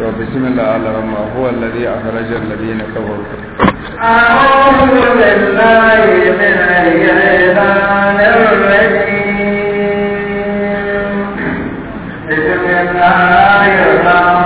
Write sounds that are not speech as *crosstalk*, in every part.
وبسم الله الرحمن الرحيم هو الذي أخرج الذين كفروا أعوذ بالله من الشيطان الرجيم بسم الله الرحمن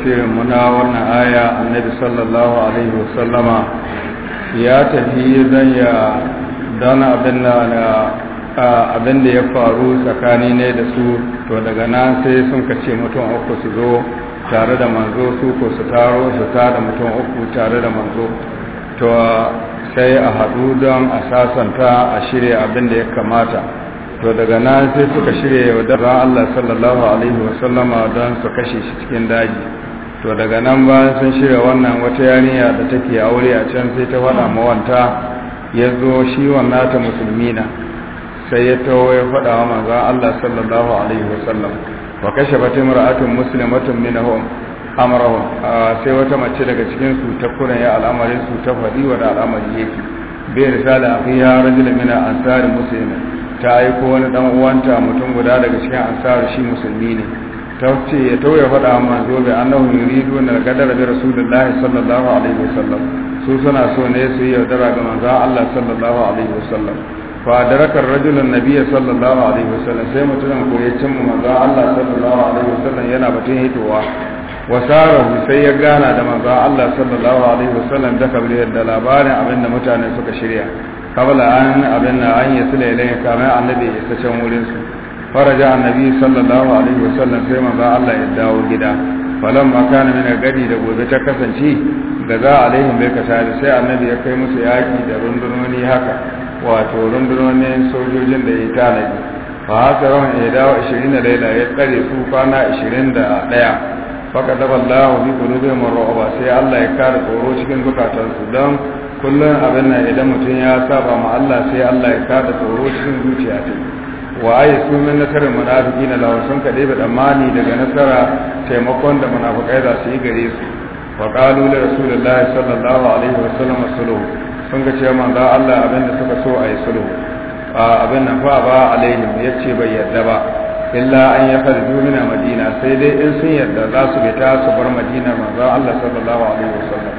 tafsirin muna wannan aya annabi sallallahu alaihi wasallama ya tafi zan ya dana abin da ya faru tsakani ne da su to daga nan sai sun kace mutum uku su zo tare da manzo su ko su taro su da mutum uku tare da manzo to sai a haɗu don a sasanta a shirya abin da ya kamata to daga nan sai suka shirya yaudarar Allah sallallahu alaihi wasallama don su kashe shi cikin daji to daga nan ba sun shirya wannan wata yarinya da take aure a can sai ta faɗa mawanta ya zo shi wannan ta musulmi na sai ya tawo ya faɗa wa manzan Allah sallallahu alaihi wasallam wa kashe fatin ra'atun muslimatun minhum amrahum sai wata mace daga cikin su ta kuna ya al'amarin su ta faɗi wa da al'amari yake bai risala akhiya rajul min ansari muslimin ta aiko wani dan uwanta mutum guda daga cikin ansari shi musulmi ne Tauce ta ce ya tauye faɗa manzo bi annahu yuridu na gadara bi rasulullahi sallallahu alaihi wasallam su suna so ne su yi yaudara ga manzo Allah sallallahu alaihi wasallam fa darakar rajulun nabiyya sallallahu alaihi wasallam sai mutumin ko ya cimma manzo Allah sallallahu alaihi wasallam yana batun hitowa wasarahu sai ya gana da manzo Allah sallallahu alaihi wasallam da kabri da labarin abinda mutane suka shirya kabla an abinda an yi ilayka mai annabi ya sace wurin su faraja annabi sallallahu alaihi wasallam sai manzo Allah ya dawo gida falamma kana min gadi da gobe ta kasance gaza alaihim bai kasari sai annabi ya kai musu yaki da rundunoni haka wato rundunonin sojojin da ya tanadi fa haka rawan ya dawo 20 laila ya tsare su kwana 21 faka daba Allah bi qulubi marwa sai Allah ya kare tsoro cikin zukatansu Dan kullun abin nan idan mutum ya saba ma Allah sai Allah ya kare tsoro cikin zuciya wa ayi su min nasarar munafiqina law sun ka dai tsammani daga nasara taimakon da munafikai za su yi gare su wa qalu li rasulillahi sallallahu alaihi wa sallam sulhu sun ga cewa manzo Allah abin da suka so ayi sulhu abin nan fa ba alaihim yace bai yadda ba illa an ya farju min madina sai dai in sun yadda za su bi ta su bar madina manzo Allah sallallahu alaihi wa sallam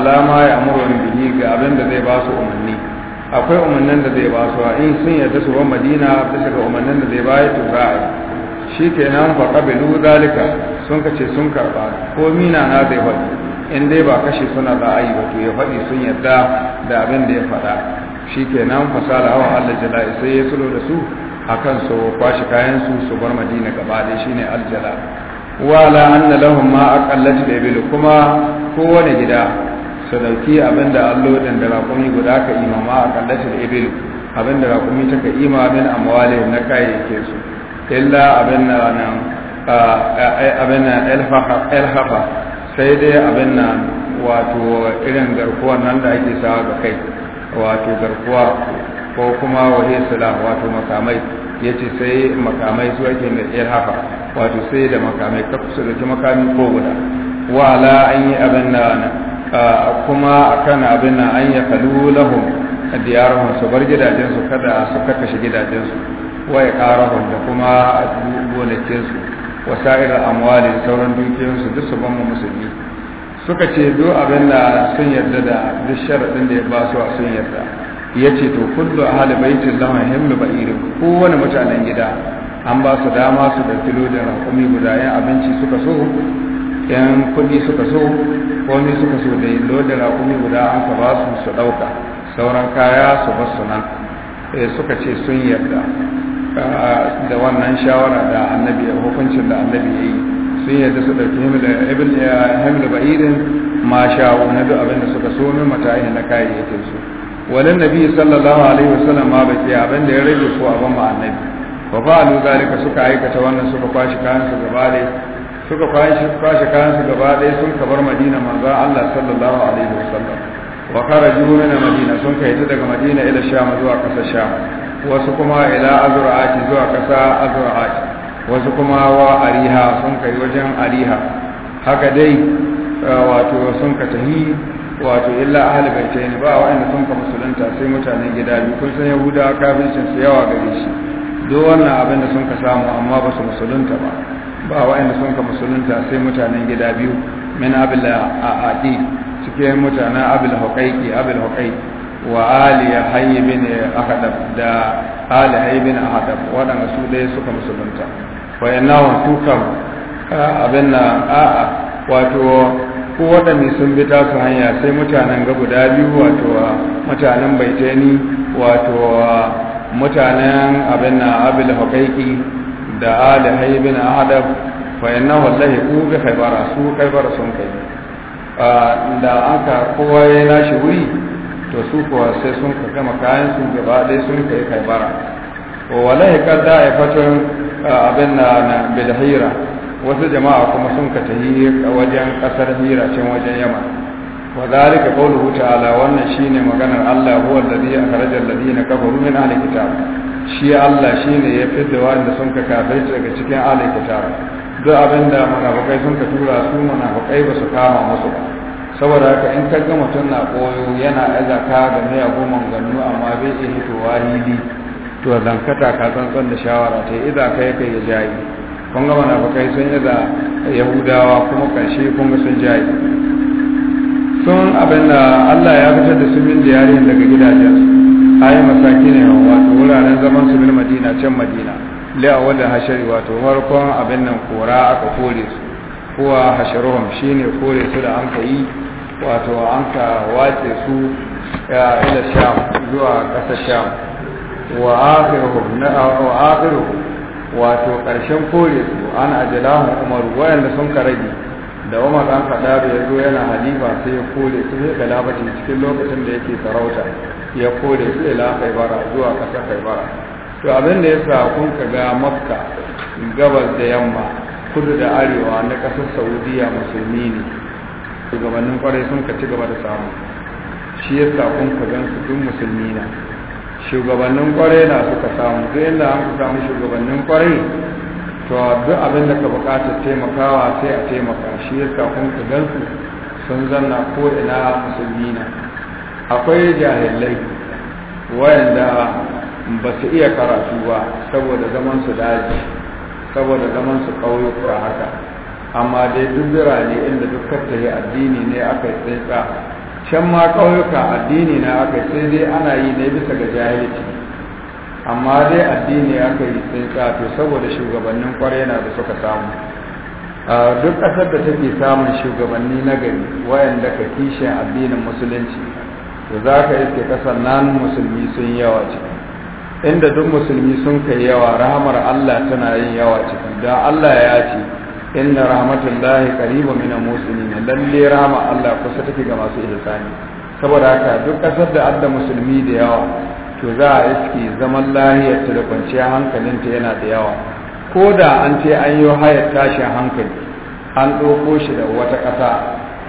alama ya amuru bihi ga abin da zai ba su umarni akwai umarnin da zai ba su a in sun yarda su bar madina ta shiga umarnin da zai ba ya tuza a yi shi ke nan fa ƙabilu zalika sun kace sun karɓa ko mina na zai faɗi in dai ba kashe suna za a yi wato ya faɗi sun yarda da abin da ya faɗa shi ke nan fasala hawa allah jala'i sai ya sulo da su a kan su kwashe kayan su su bar madina gaba ɗaya shine aljala wala anna lahum ma aqallat bibil kuma kowane gida ta dauki abinda allo din da raƙumi guda ka imama a kallace da ibil abinda raƙumi ta ka ima min amwali na kayayyakin su illa abin na nan abin na elhafa sai dai abin na wato irin garkuwa nan da ake sawa ga kai wato garkuwa ko kuma wahi sula wato makamai ya ce sai makamai su ake mai haka wato sai da makamai ka kusa da makamai ko guda wa la an yi abin na nan kuma akan abin nan an kalu lahum diyarahum su bar gidajensu kada su kakashe gidajensu wa ya karahum da kuma gonakinsu wa sa'irar amwali sauran dukiyarsu duk su ban musulmi suka ce do abin da sun yarda da duk sharaɗin da ya ba su sun yarda ya ce to kullu ahli baitin lahum himlu ba'irin kowane mutanen gida an ba su dama su da kilo da rakumi guda yan abinci suka so yan kudi suka so komi suka so da yin da raƙumi guda an ka ba su su ɗauka sauran kaya su ba su nan eh, suka ce sun yarda ah, da wannan shawara da annabi hukuncin da annabi ya yi sun yarda su ɗauki hamilu irin ah, ma sha na duk abin da suka so min yi na kayayyakin su walin nabi sallallahu alaihi wasallam ma baki abin da ya rage ko abin ma annabi ba fa'alu zalika suka aikata wannan suka kwashi kayan su gaba suka kwashe kayansu gaba ɗaya sun kabar madina manzo Allah sallallahu alaihi wasallam wa kharaju min madina sun kai ta daga madina ila sham zuwa ƙasar sham wasu kuma ila azra'ati zuwa ƙasa azra'ati wasu kuma wa ariha sun kai wajen ariha haka dai wato sun ka tahi wato illa ahli baitain ba wa'anda sun ka musulunta sai mutanen gida biyu kun san yahuda kafircin su yawa gare shi duk wannan abin da sun ka samu amma ba su musulunta ba ba wa'anda sun ka musulunta sai mutanen gida biyu min a a'adi cikin mutanen abil huqaiqi abil huqaiqi wa ali hayy bin ahadab da ali hayy bin ahadab waɗanda su dai suka musulunta wa innahu tukam abin na a'a wato ko waɗanda sun bi tasu hanya sai mutanen ga guda biyu wato mutanen baitani wato mutanen abin na abil huqaiqi da ali haibin adab fa wallahi ku bi khaybara su khaybara sun kai da aka kowa ya nashi wuri to su kuwa sai sun ka gama kayan su gaba ɗaya sun kai khaybara wallahi kad da aifatun abin na na bilhira wasu jama'a kuma sun ka tahi wajen kasar hira can wajen yamma وذلك قوله تعالى وانا شيني مغانا الله هو الذي اخرج الذين كفروا من اهل الكتاب shi Allah shi ne ya fidda wanda sun ka kafirci daga cikin alai kitab duk abin da munafukai sun ka tura su munafukai ba su kama musu ba saboda haka in ka ga mutum na koyo yana ka ga mai goma gannu amma bai iya hito wahili to zankata ka tsantsan da shawara ta idan kai kai ya jayi kun ga munafukai sun yi da yahudawa kuma karshe kun ga sun jayi sun abin da Allah ya fitar da su min diyarin daga gidajensu ayi masaki ne wato wuraren zaman su bil madina can madina a wala hashari wato farkon abin nan kora aka kore su kowa hasharuhum shine kore su da an kai wato an ka wace su ila sham zuwa ƙasar sham wa akhiruhum na wa akhiruhum wato ƙarshen kore su an ajalahum umaru wayanda sun ka rage da umar dan da ya zo yana halifa sai ya kore su ga labarin cikin lokacin da yake sarauta ya kore su ila kaibara zuwa ƙasa kaibara to abin da ya sa kun ka ga makka gabas da yamma kudu da arewa na ƙasar saudiya musulmi ne shugabannin kwarai sun ka ci gaba da samu shi ya sa kun ka gan su duk musulmi na shugabannin kwarai na suka samu zai yadda an samu shugabannin kwarai to duk abin da ka bukata taimakawa sai a taimaka shi yasa kun ka gansu sun zanna ko ina musulmi na akwai jahilai wayanda ba su iya karatu ba saboda zaman su daji saboda zaman su ƙauyuka haka amma dai duk birane inda duk yi addini ne aka yi tsaitsa can ma ƙauyuka addini na aka sai dai ana yi ne bisa ga jahilci amma dai addini aka yi tsintsa to saboda shugabannin kwarai na da suka samu duk ƙasar da take samun shugabanni na gari wayanda ka kishin addinin musulunci to za ka iske ƙasar nan musulmi sun yawa ciki inda duk musulmi sun kai yawa rahamar Allah tana yin yawa ciki don Allah ya ce inna rahmatullahi qaribu min muslimin lalle rahama Allah kusa take ga masu ihsani saboda haka duk ƙasar da adda musulmi da yawa to za a iske zaman lahiyar ta da kwanciyar hankalinta yana da yawa ko da an ce an yi hayar tashin hankali an ɗoko shi da wata ƙasa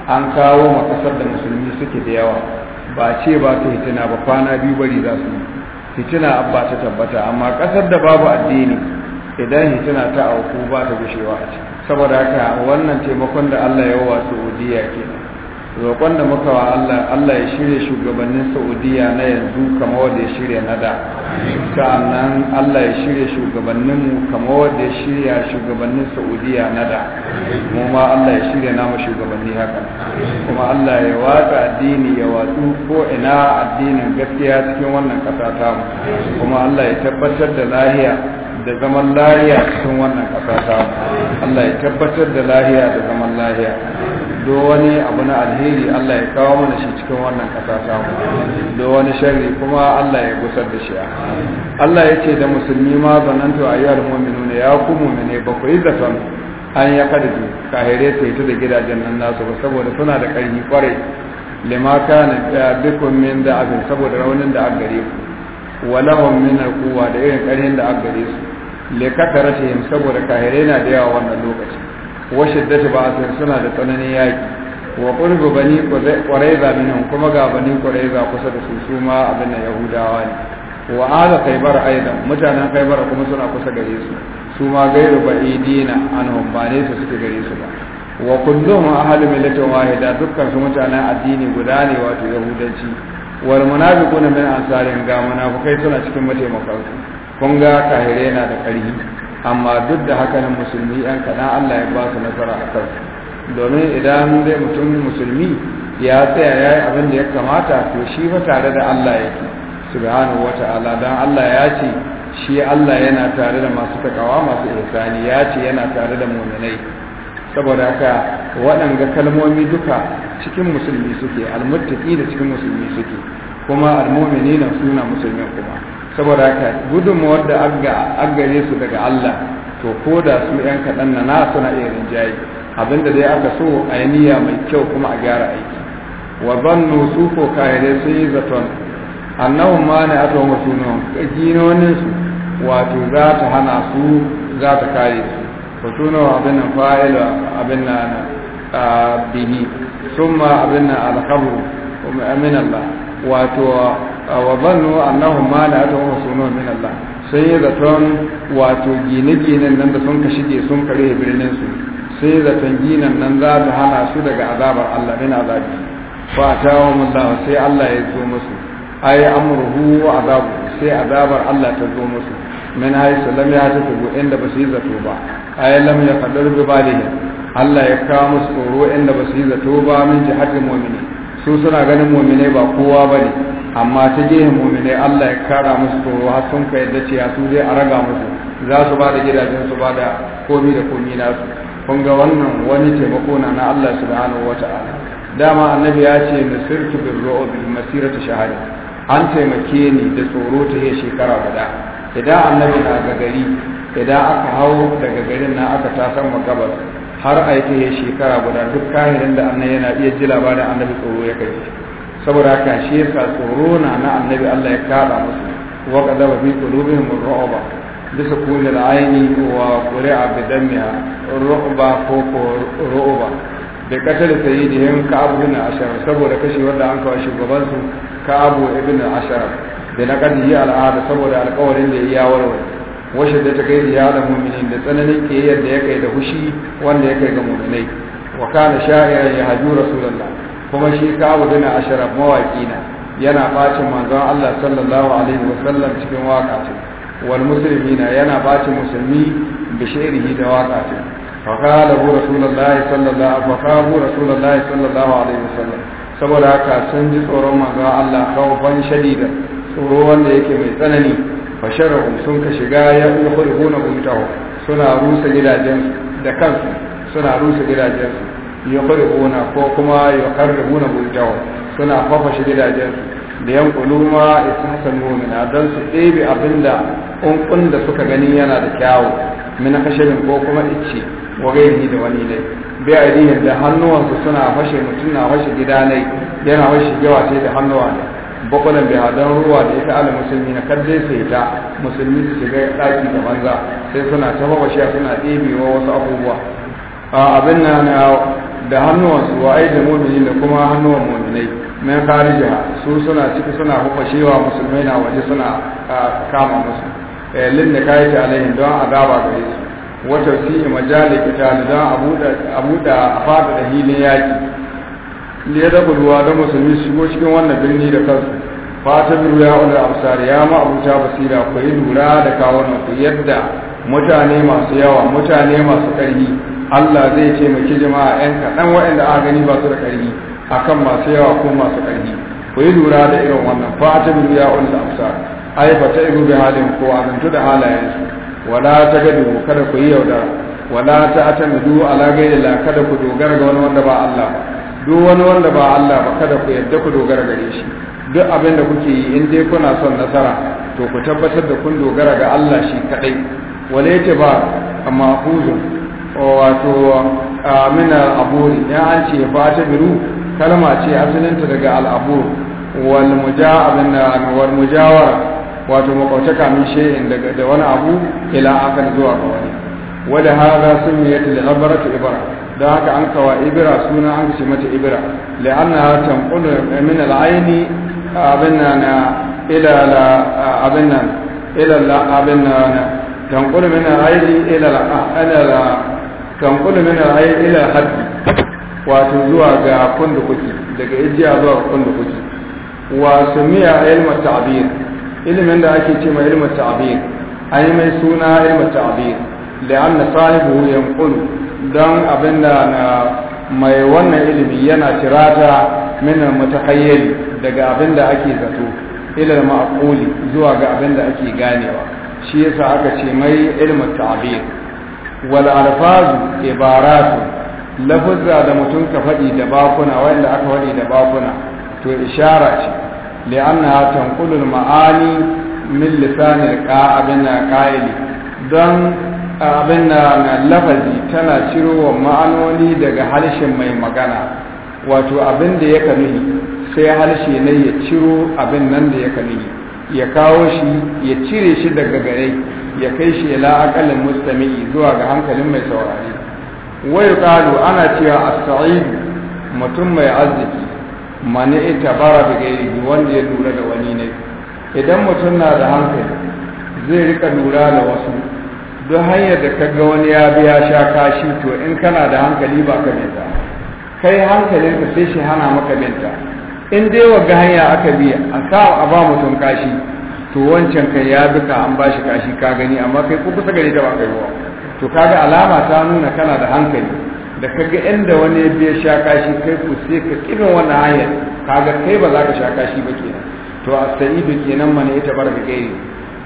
an kawo ma ƙasar da musulmi suke da yawa ba ce ba ta hitina ba kwana biyu bari za su hitina abba ta tabbata amma ƙasar da babu addini idan hitina ta auku ba ta gushewa a ciki saboda haka wannan taimakon da allah ya wa saudiya kenan roƙon da muka wa Allah Allah ya shirya shugabannin Saudiya na yanzu kamar wanda ya shirya na da sa'annan Allah ya shirya shugabannin mu kamar wanda ya shirya shugabannin Saudiya na da mu ma Allah ya shirya namu shugabanni haka kuma Allah ya watsa addini ya watsu ko ina addinin gaskiya cikin wannan ƙasa ta mu kuma Allah ya tabbatar da lahiya da zaman lahiya cikin wannan ƙasa ta mu Allah ya tabbatar da lahiya da zaman lahiya do wani abu na alheri Allah ya kawo mana shi cikin wannan ƙasa samu do wani sharri kuma Allah ya gusar da shi Allah ya ce da musulmi ma zanantu ayyuhal ne ya ku mu'mine ba ku yi zaton an ya kada su kahire ita da gidajen nan nasu ba saboda suna da ƙarfi kwarai limaka na dukkan eh, min da abin saboda raunin da aka gare ku walahum min alquwa da irin ƙarfin da aka gare su le rashin saboda kahire na da yawa wannan lokaci wa shiddati suna da tsananin yaki wa qurbu bani quraiza minhum kuma ga bani quraiza kusa da su su ma abin da yahudawa ne wa ala khaybar aidan mutanen khaybar kuma suna kusa gare Yesu, su ma gairu ba'idina anhum ba ne su suke gare su ba wa kullum ahli millatin wahida dukkan su mutanen addini guda ne wato yahudanci wal munafiquna min ansarin ga munafikai suna cikin mataimakan kun ga kahire na da ƙarfi amma duk da haka nan musulmi yan kaɗan Allah ya ba su nasara a kan domin idan dai mutum musulmi ya tsaya ya yi abin da ya kamata to shi fa tare da Allah yake subhanahu wa ta'ala dan Allah ya ce shi Allah yana tare da masu takawa masu ihsani ya ce yana tare da mu'minai saboda haka waɗanga kalmomi duka cikin musulmi suke almuttaqi da cikin musulmi suke kuma almu'minina suna musulmi kuma saboda haka gudunmawar da an gare su daga Allah to ko da su yan kaɗan na na suna iya rinjaye abinda dai aka so a yi niyya mai kyau kuma a gyara aiki wa zannu su ko kayyade sun yi zaton annahun ma ne a tsohon sunan ginonin su wato za ta hana su za ta kare su ko sunan abin nan fa'ila abin nan bihi ma abin nan wa min Allah wato wa zannu annahum ma la yad'u sunun min Allah sai ya zaton wato gine-ginen nan da sun ka shige sun kare birnin su sai zaton ginen nan za ta hana su daga azabar Allah ina azabi fa ta'awum Allah sai Allah ya zo musu ay amruhu wa azabu sai azabar Allah ta zo musu min haythu ta yahtasibu inda ba su yi zato ba ay lam yaqdaru bi balihim Allah ya kawo musu tsoro inda ba su yi zato ba min jihatil mu'minin su suna ganin mu'minai ba kowa bane amma ta gehen muminai Allah ya kara musu tsoro har sun ka yadda cewa su zai a raga musu za su ba da gidajen su ba da komi da komi su, kun ga wannan wani taimako na na Allah su da wata ala dama annabi ya ce sirki bin ru'ub masirar ta shahada an taimake ni da tsoro ta yi shekara guda idan annabi na ga idan aka hau daga garin na aka tasan magabar har aiki ya shekara guda duk kahirin da annabi yana iya ji labarin annabi tsoro ya kai saboda haka shi yasa tsoro na na annabi Allah ya kada musu wa qadaba fi qulubihim ar-ru'ba bisa kulli al-ayni wa quri'a bi damiha ar-ru'ba ko ko ru'ba da katar sayyidihim ka'ab ibn ashar saboda kashi wanda an kawo shugaban su ka'ab ibn ashar da na kadi ya al'ada saboda alƙawarin da ya warware washe da ta kai ya da mu'minin da tsananin ke yadda ya kai da hushi wanda ya kai ga mu'minai wa kana sha'iran ya haju rasulullah kuma shi kawo bin ashraf mawaki na yana bacin manzon Allah sallallahu alaihi wasallam cikin waka ce wal na yana bacin musulmi bi da ce rasulullahi sallallahu rasulullahi sallallahu alaihi wasallam saboda haka sun ji tsoron manzon Allah khawfan shadida tsoro wanda yake mai tsanani fa sun ka shiga ya yukhrijuna umtahu suna rusa gidajen da kansu suna rusa gidajensu yuqribuna ko kuma yuqarribuna bil jaw suna fafashe gidajen da yan ma istahsanu min adan su ɗebe abinda unkun da suka gani yana da kyawu min hashabin ko kuma icce wa gairi da wani ne bi aidihin da hannuwansu suna fashe mutum na fashe gida ne yana fashe gawa sai da hannuwa ne bakwalan bai hadan ruwa da ita ala musulmi na kaddai sai ta musulmi su shiga ɗaki da banza sai suna ta fashe suna ɗebewa wasu abubuwa abin nan da hannuwansu wa aida mumini da kuma hannuwan muminai min kharija su suna ciki suna shewa musulmai na waje suna kama musu eh, lin da kayi ta alaihim don azaba ga su wata fi majali kitali don a buɗe a fada da hilin yaƙi da ya dafa ruwa don musulmi shigo cikin wannan birni da kansu fata biyu ya wani amsar ya ma abuta basira ku yi lura da kawunan ku yadda mutane masu yawa mutane masu ƙarfi Allah zai taimaki jama'a yan kaɗan waɗanda aka gani ba su da ƙarfi a kan masu yawa ko masu ƙarfi ku yi lura da irin wannan fa ta bi ya da amsa ai fa ta ibu bi halin ko zantu da halayensu wala ta gadu kada ku yi yauda wala ta atamidu ala gairi la kada ku dogara ga wani wanda ba Allah ba duk wani wanda ba Allah ba kada ku yadda ku dogara gare shi duk abin da kuke yi in dai kuna son nasara to ku tabbatar da kun dogara ga Allah shi kadai wale ta ba amma huzun wato al al'aburi ya an ce fata biru kalma ce asalinta daga al'abur wal muja abin da wal mujawara wato makwautaka min shay'in daga da wani abu ila akan zuwa ga wani wada hada sun yi yadda ta ibara da haka an kawa ibira suna an ce mata ibira la'anna tanqulu min al'aini abin na ila abin nan ila abin nan tanqulu min al'aini ila la kan kudu ai ila haddi wato zuwa ga kundu kuki daga ijiya zuwa kundu kuki wa sumiya ilmu ta'bir ilimin da ake ce mai ta'bir ai mai suna ilmu ta'bir la'anna sahibu yanqulu dan abinda na mai wannan ilimi yana tirata min al daga abinda ake zato ila ma'quli zuwa ga abinda ake ganewa shi yasa aka ce mai ilmin ta'bir wal alfazu ibaratu lafuzza da mutum ka faɗi da bakuna wanda aka faɗi da bakuna to ishara ce li'annaha tanqulul ma'ani min lisanil qa'abina qa'ili dan abin na lafazi tana cirowa ma'anoni daga harshen mai magana wato abin da ya kanuhi sai harshe ne ya ciro abin nan da ya kanuhi ya kawo shi ya cire shi daga gare ya kai shi ila aqallin mustami'i zuwa ga hankalin mai saurari wai kalu ana cewa as-sa'idu mutum mai arziki mani ita bara da gairi wanda ya lura da wani ne idan mutum na da hankali zai rika lura da wasu duk hanyar da kaga wani ya biya sha kashi to in kana da hankali ba ka minta kai ka sai shi hana maka minta in dai ga hanya aka bi a sa a ba mutum kashi to wancan kai ya bi ka an bashi kashi ka gani amma kai ko kusa gare da ba kai ba to kaga alama ta nuna kana da hankali da kaga inda wani ya biya sha kashi kai ku sai ka kiran wani hanyar kaga kai ba za ka sha kashi ba kenan to a saidu kenan mana ita barka gairi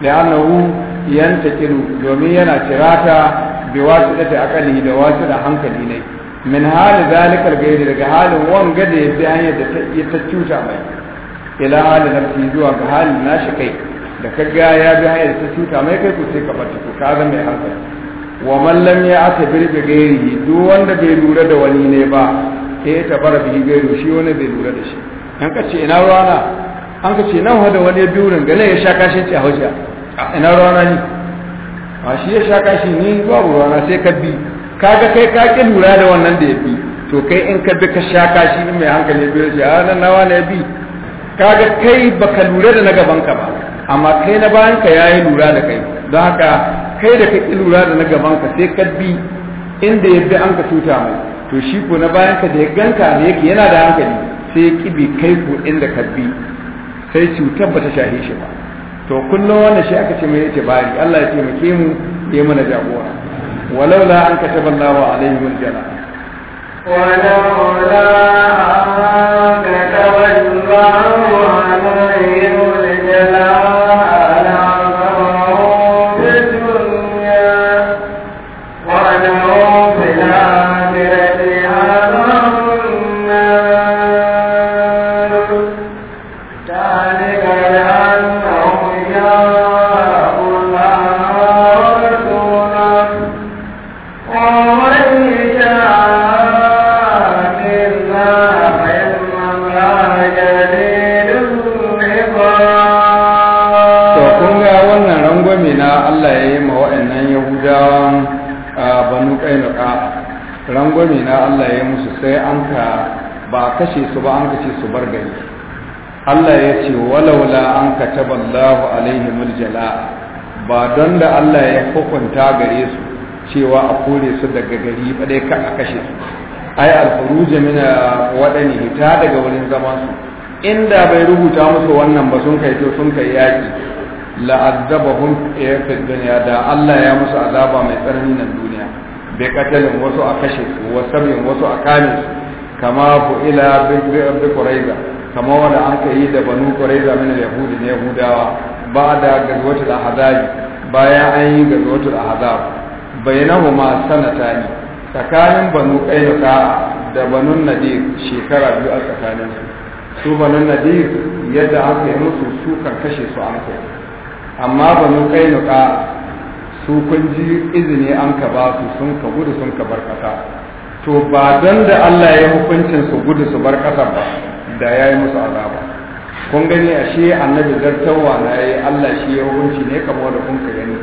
yanta yantakilu domin yana tirata bi wasitati akali da da hankali ne min hali zalikal gairi daga halin wanga da ya bi hanyar da ta cuta mai ila halin nafsi zuwa ga halin nashi kai da ka ga ya bi hanyar ta cuta mai kai ku sai ka ɓace ku ka zama mai hankali wa mallam ya ata birbe gairi duk wanda bai lura da wani ne ba sai ya tabar bi gairi shi wani bai lura da shi an ka ce ina ruwana an ka ce nan da wani bi wurin, gane ya sha kashin ci a hujja ina ruwana ni a shi ya sha kashi ni babu ruwana sai ka bi kaga kai ka ki lura da wannan da ya bi to kai in ka bi ka sha kashi mai hankali biyu ce a nan nawa ne bi kaga kai baka lura da na gaban ka ba amma kai na bayan ka yayi lura da kai don haka kai da kai lura da na gaban ka sai ka bi inda ya bi an ka tuta mai to shi ko na bayan ka da ya ganka ne yake yana da hankali sai ya kibi kai ko inda ka bi sai cutar ba ta shahe shi ba to kullum wannan shi aka ce mai yace bari Allah ya ce mu ya mana jagora walaula an kataba Allahu alaihim aljanna la kataballahu alaihimul jala ba don da Allah ya hukunta gare su cewa a kore su daga gari ba dai ka a kashe su ai alfuruja mina waɗani hita daga wurin zaman su inda bai rubuta musu wannan ba sun kai to sun kai yaki ya eh, fi dunya da Allah ya musu azaba mai tsanani nan duniya bai katalin wasu a kashe su wasu wasu a kame su kama fu'ila bi quraiza kamar wanda aka yi da banu kwarai da yahudi ne hudawa ba da da hazari bayan an yi gazwatul ma sanata ne tsakanin banu qainuqa da banu nadir shekara biyu a tsakanin su su banu nadir yadda aka yi musu su kan kashe su an kai amma banu qainuqa su kun ji izini an ka ba su sun ka gudu sun ka bar to ba don da Allah ya hukuncin su gudu su bar kasa ba da ya yi musu azaba kun gani a shi annabi zartarwa na yi allah shi ya hukunci ne kamar da kun ka gani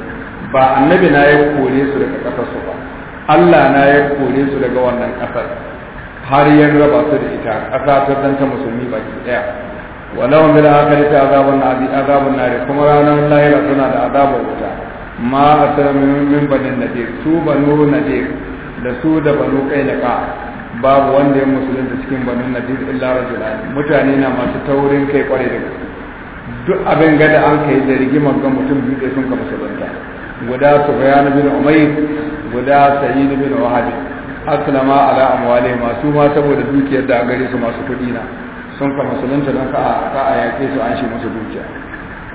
ba annabi na ya kore su daga ƙasar su ba allah na ya kore su daga wannan ƙasar har ya raba su da ita ƙasa ta zanta musulmi baki ɗaya walau bil akhirati azabun azabun da kuma ranar lahira suna da azabar wuta ma a min na nadir su banu nadir da su da banu kainaka babu wanda ya musulunta cikin banin nadir illa rajulani mutane na masu taurin kai kwarai da duk abin gada an kai da rigimar ga mutum biyu da sun ka musulunta guda na bin umai guda sayyid bin wahab aslama ala amwali masu ma saboda dukiyar da gari su masu kudi na sun ka musulunta don ka ka a yake su an shi musu dukiya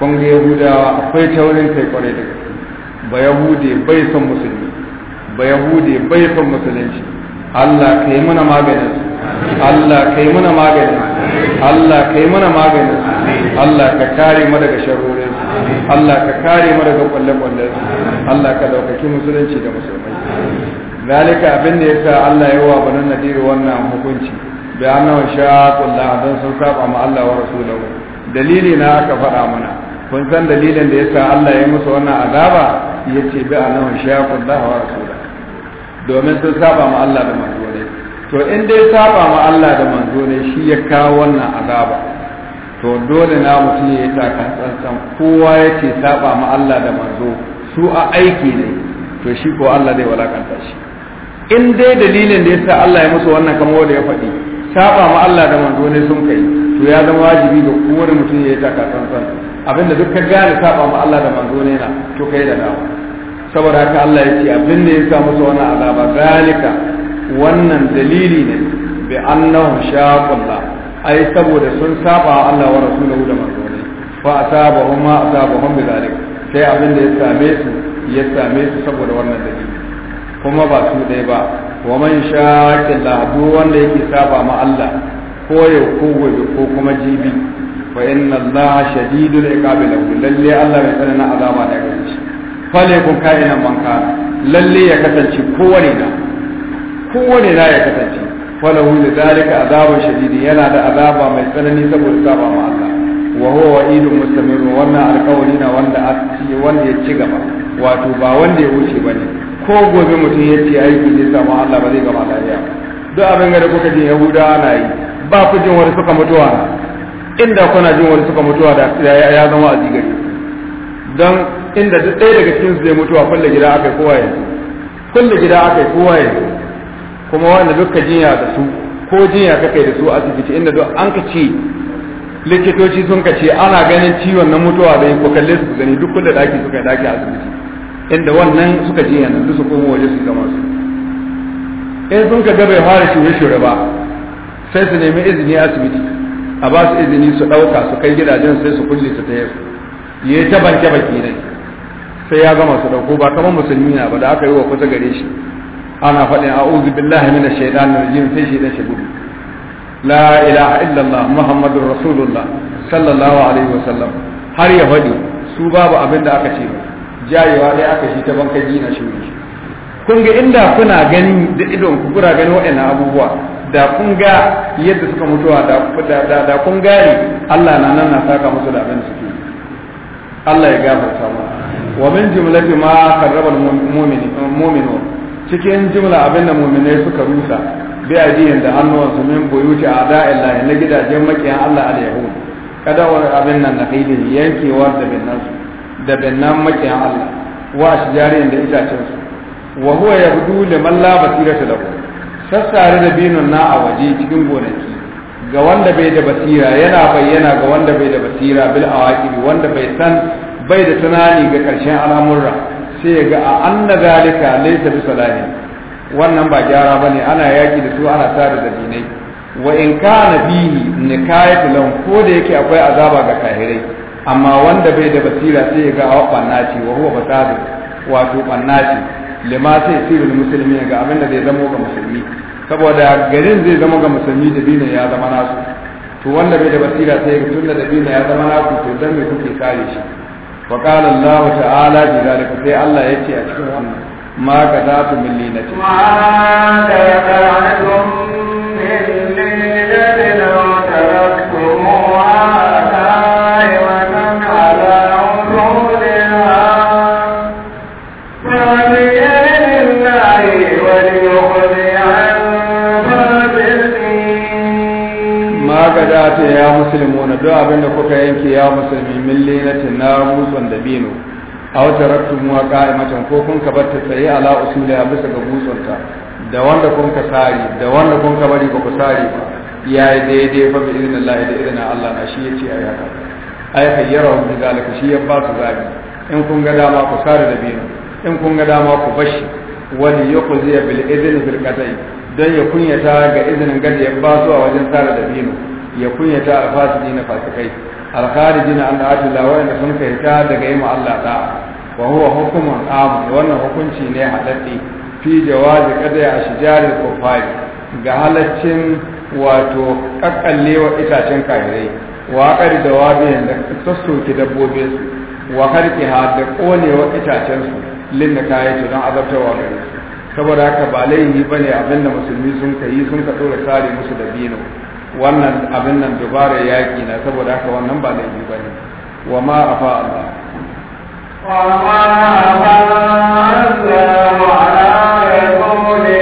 kun ga yahudawa akwai taurin kai kwarai da gaske ba yahude bai son musulmi ba yahude bai son musulunci Allah kai muna maganin Allah kai muna maganin Allah kai muna maganin Allah ka kare mu daga sharorin Allah ka kare mu daga kwalle-kwalle Allah ka daukaki musulunci da musulmai zalika abin da yasa Allah ya wa banan nadiru wannan hukunci bi annahu shaqullah dan sun saba ma Allah wa rasulahu dalili na aka faɗa mana kun san dalilin da yasa Allah ya musu wannan azaba yace bi annahu shaqullah wa rasulahu domin sun saba ma Allah da manzo ne to in dai saba ma Allah da manzo ne shi ya kawo wannan azaba to dole na mutum ya yi tsantsan kowa ya ce saba ma Allah da manzo su a aiki ne to shi ko Allah zai walakanta shi in dai dalilin da yasa Allah ya musu wannan kamar wanda ya faɗi saba ma Allah da manzo ne sun kai to ya zama wajibi ga kowane mutum ya yi tsantsan abinda duk ka gane saba ma Allah da manzo ne na to kai da nawa saboda haka Allah ya ce abin da ya sa musu wannan azaba zalika wannan dalili ne bi annahu shaqalla ai saboda sun saba Allah wa rasuluhu da manzoni fa asabahum ma asabahum bi zalik sai abin da ya same su ya same su saboda wannan dalili kuma ba su dai ba wa man shaqalla duk wanda yake saba ma Allah ko yau ko gobe ko kuma jibi fa inna Allah shadidul iqabi lahu lalle Allah mai tsananin azaba da gare shi fale kun ka'inan manka lalle ya kasance kowane na kowane na ya kasance fala da zalika azabun shadidi yana da azaba mai tsanani saboda saba ma Allah wa huwa wa'idun mustamir wannan alƙawari na wanda wanda ya ci gaba wato ba wanda ya wuce bane ko gobe mutum ya ci aiki zai samu Allah ba zai gama lafiya duk abin da kuka ji Yahuda ana yi ba ku jin wani suka mutuwa inda kuna jin wani suka mutuwa da ya zama a zigari don inda duk ɗaya daga cikin su zai mutu a kulle gida aka kowa ya kulle gida aka kowa ya kuma wanda duka jinya da su ko jinya ka kai da su asibiti inda duk an ka ce likitoci sun ka ce ana ganin ciwon na mutuwa da ko kalle su gani duk kulle daki suka yi daki asibiti inda wannan suka jinya na su koma waje su zama su in sun ka gaba bai fara shure-shure ba sai su nemi izini asibiti a ba su izini su ɗauka su kai gidajen sai su kulle su ta yi ya yi ta banke baki ne sai ya gama su dauko ba kamar musulmi na ba da aka yi wa kusa gare shi ana a uzu billahi minash shaitani rajim sai shi dan shi la ilaha illallah muhammadur rasulullah sallallahu alaihi wa sallam har ya faɗi su babu abin da aka ce ba jayewa dai aka shi ta banke gina shi kun ga inda kuna gani da idon ku kuna gani waɗannan abubuwa da kun ga yadda suka mutuwa da kun gane Allah na nan na saka musu da abin da suke Allah ya gafarta mu wa min jumlati ma qarraba al-mu'minu cikin jumla da mu'minai suka rusa bi ajiyin da su min buyuti a'da'illahi na gidajen makiyan Allah al-yahud wa abin nan na kaidin yankewar da bin nan da nan makiyan Allah wa shijarin da itacen su wa huwa yabdu liman la basira lahu sassare da binun na a waje cikin gonaki ga wanda bai da basira yana bayyana ga wanda bai da basira bil awaqibi wanda bai san bai da tunani ga karshen al'amurra sai ga a anna zalika laysa bi salahi wannan ba gyara bane ana yaki da su ana tare da dinai wa in kana bihi nikayat lan ko da yake akwai azaba ga kahirai amma wanda bai da basira sai ga a bannaci wa huwa fasadu wato bannaci lima sai sirrul muslimi ga abin zai zamo ga musulmi saboda garin zai zama ga musulmi dabino ya zama nasu to wanda bai da basira sai ga tunda dabino ya zama nasu to dan me kuke kare shi wa qala Allah ta'ala bi zalika sai Allah yace a cikin wannan ma kadatu min linati ma kadatu ce ya musulmuna duk abin da kuka yanke ya musulmi min linatin na gutsun da bino a wata rattun wa ka'imatan ko kun ka ta tsaye ala usuli a bisa ga gutsunta da wanda kun ka sari da wanda kun ka bari ba ku sari ba ya yi daidai fa bi izinin Allah da izinin Allah na shi ya ce a yaka ai hayyara hu zalika shi ya ba su zabi in kun ga dama ku sari da bino in kun ga dama ku bashi wani yuqzi bil izni bil qadai don ya kunyata ga izinin gadi ya ba su a wajen sari da bino ya kunyata alfasidi na fasikai alkhariji na al'adila wanda sun kai ta daga yi Allah da wa huwa hukumun amu wannan hukunci ne halatti fi jawazi kadai a shijari kufari ga halaccin wato kakkallewa itacen kayirai wa kari da wabiyan da sassoke dabbobin su wa karki ha da konewa itacen su lin da kayan don azabtarwa gare saboda haka ba laifi bane abinda musulmi sun kai sun ka dora kare musu da wannan abin nan dubara yaƙi na saboda haka wannan ba laifi ba ne wa ma a fa Allah wa ma afa Allah wa ala ya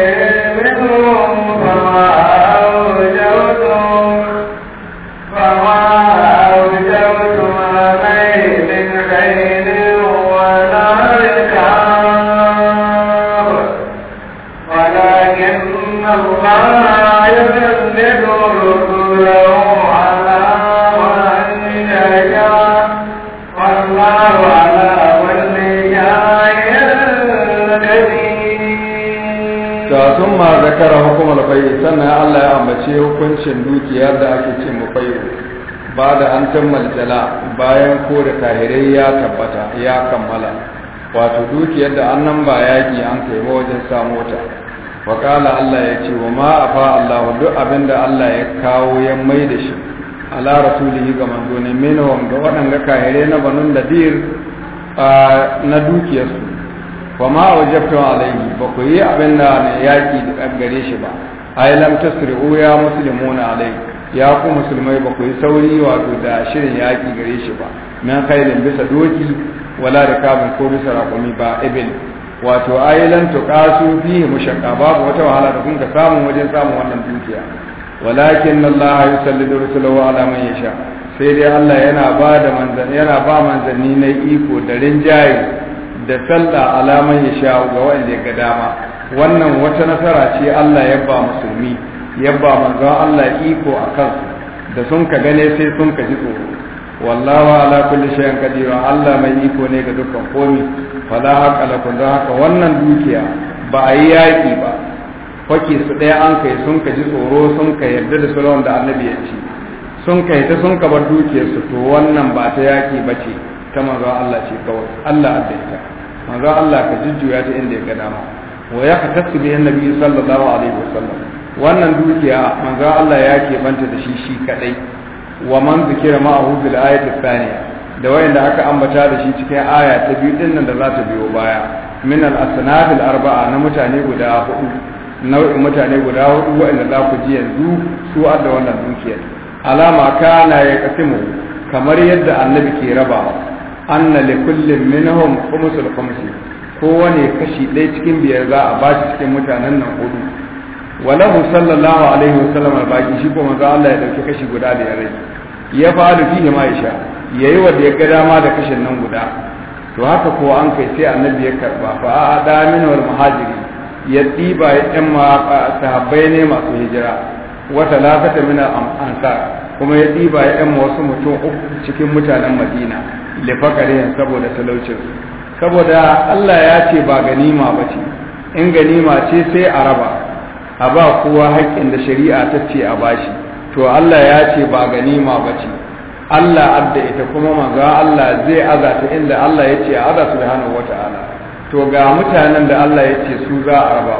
zakara hukumar fayi sannan Allah ya ambace hukuncin dukiya da ake ce mu fayi ba da an tammal jala bayan ko da kahirai ya tabbata ya kammala wato dukiyar da an nan ba yaƙi an kai ba wajen samu ta wa Allah ya ce wa ma afa Allah duk abin da Allah ya kawo ya mai da shi ala rasulihi ga manzo ne minhum ga wadanda kahirai na banun nadir na dukiyarsu wa ma wajabtu alayhi ba ku yi abin da ne yaki da gare shi ba ai lam tasri'u ya muslimuna alayhi ya ku musulmai ba ku yi sauri wato da shirin yaki gare shi ba nan khairin bisa doki wala da kafin ko bisa raƙumi ba ibil wato ai lam tuqasu fi mushaqqa babu wata wahala da kun ka samu wajen samun wannan dukiya walakin Allah sallidu rusulahu ala man yasha sai dai Allah yana ba da manzanni yana ba manzanni na iko da rinjaye da sallah alaman ya sha ga wanda ya ga dama wannan wata nasara ce Allah ya ba musulmi ya ba manzon Allah iko a kansu da sun ka gane sai sun ka ji tsoro wallahu ala kulli shay'in qadir Allah mai iko ne ga dukkan komai fala haqa lakum da haka wannan dukiya ba a yi yaki ba kwake su ɗaya an kai sun ka ji tsoro sun ka yarda da sulon da annabi ya ci sun kai ta sun ka bar dukiyarsu to wannan ba ta yaki ba ce ta manzon Allah ce kawai Allah addaita manzo Allah ka jujjuya ta inda ya ga dama wa ya hatasu bi annabi sallallahu alaihi wasallam wannan dukiya manzo Allah ya ke banta da shi shi kadai wa man zikira ma'ahu bil ayati thaniya da wayanda aka ambata da shi cikin aya ta biyu din nan da za ta biyo baya min al asnaf al arba'a na mutane guda hudu nau'in mutane guda hudu wayanda za ku ji yanzu su adda wannan dukiyar alama kana ya kasimu kamar yadda annabi ke rabawa anna li kullin minhum khumsul khumsi kowane kashi ɗaya cikin biyar za a bashi cikin mutanen nan hudu walahu sallallahu alaihi wa sallam, albaki shi kuma za Allah ya dauki kashi guda da yare. ya fa'alu fihi ma yasha yayi wa da ga dama da kashin nan guda to haka ko an kai sai annabi ya karba fa a da min wal muhajiri ya diba ya ɗan ma sahabbai ne masu hijira wata talafata min al ansar kuma ya diba ya ɗan wasu mutum uku cikin mutanen madina lifakarin saboda talaucin saboda Allah ya ce ba ganima ba ce in ganima ce sai a raba a ba kowa haƙƙin da shari'a ta ce a bashi to Allah ya ce ba ganima ba ce Allah adda ita kuma maza Allah zai azata inda Allah ya ce aza wata ala, to ga mutanen da Allah ya ce su za a raba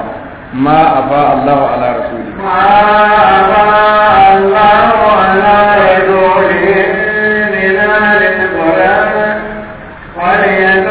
ma a ba Allahu ala rasuli ma Allah Allahu ala rasuli and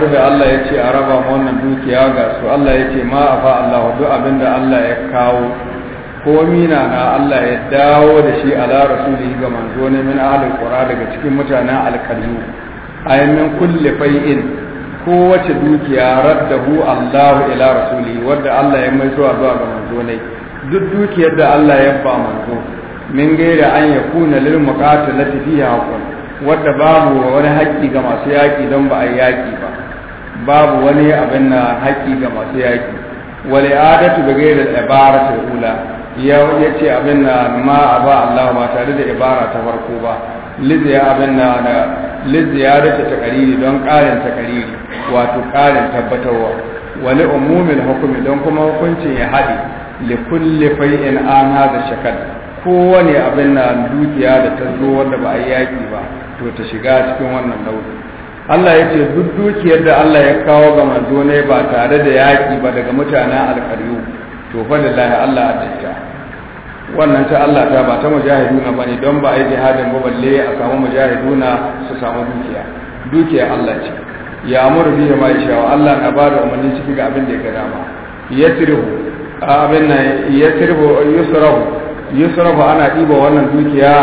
karbe Allah ya ce a raba wannan dukiya ga su Allah ya ce ma fa Allah duk abinda Allah ya kawo ko mina na Allah ya dawo da shi ala rasuli ga manzo ne min ahlul qura daga cikin mutanen alkalmu ayyamin min kulli fai'in kowace dukiya raddahu Allah ila rasuli wanda Allah ya mai zuwa zuwa ga manzo ne duk dukiyar da Allah ya ba manzo min gaira an yakuna lil muqatalati fiha haqqun wadda babu wani haƙƙi ga masu yaƙi don ba a yaƙi babu wani abin na haƙƙi ga masu yaƙi wale adatu ga gairar ibara ta ula ya ce abin na ma a ba Allah ba tare da ibara ta farko ba liziya abin na da ta takariri don ƙarin takariri wato ƙarin tabbatarwa wani umumin hukumi don kuma hukuncin ya haɗe li kulli fai'in an hada shakal kowane abin na dukiya da ta zo wanda ba a yi yaƙi ba to ta shiga cikin wannan nau'i Allah ya ce duk dukiyar da Allah ya kawo ga manzo ne ba tare da yaƙi ba daga mutanen alƙaryu to fa lillahi Allah a taita wannan ta Allah ta ba ta mujahiduna bane don ba ai jihadin ba balle a samu mujahiduna su samu dukiya Dukiyar Allah ce ya amuru bihi ma insha Allah na ba da umarni cikin ga abin da ya ga dama yatrihu abin nan yatrihu yusrahu yusrahu ana diba wannan dukiya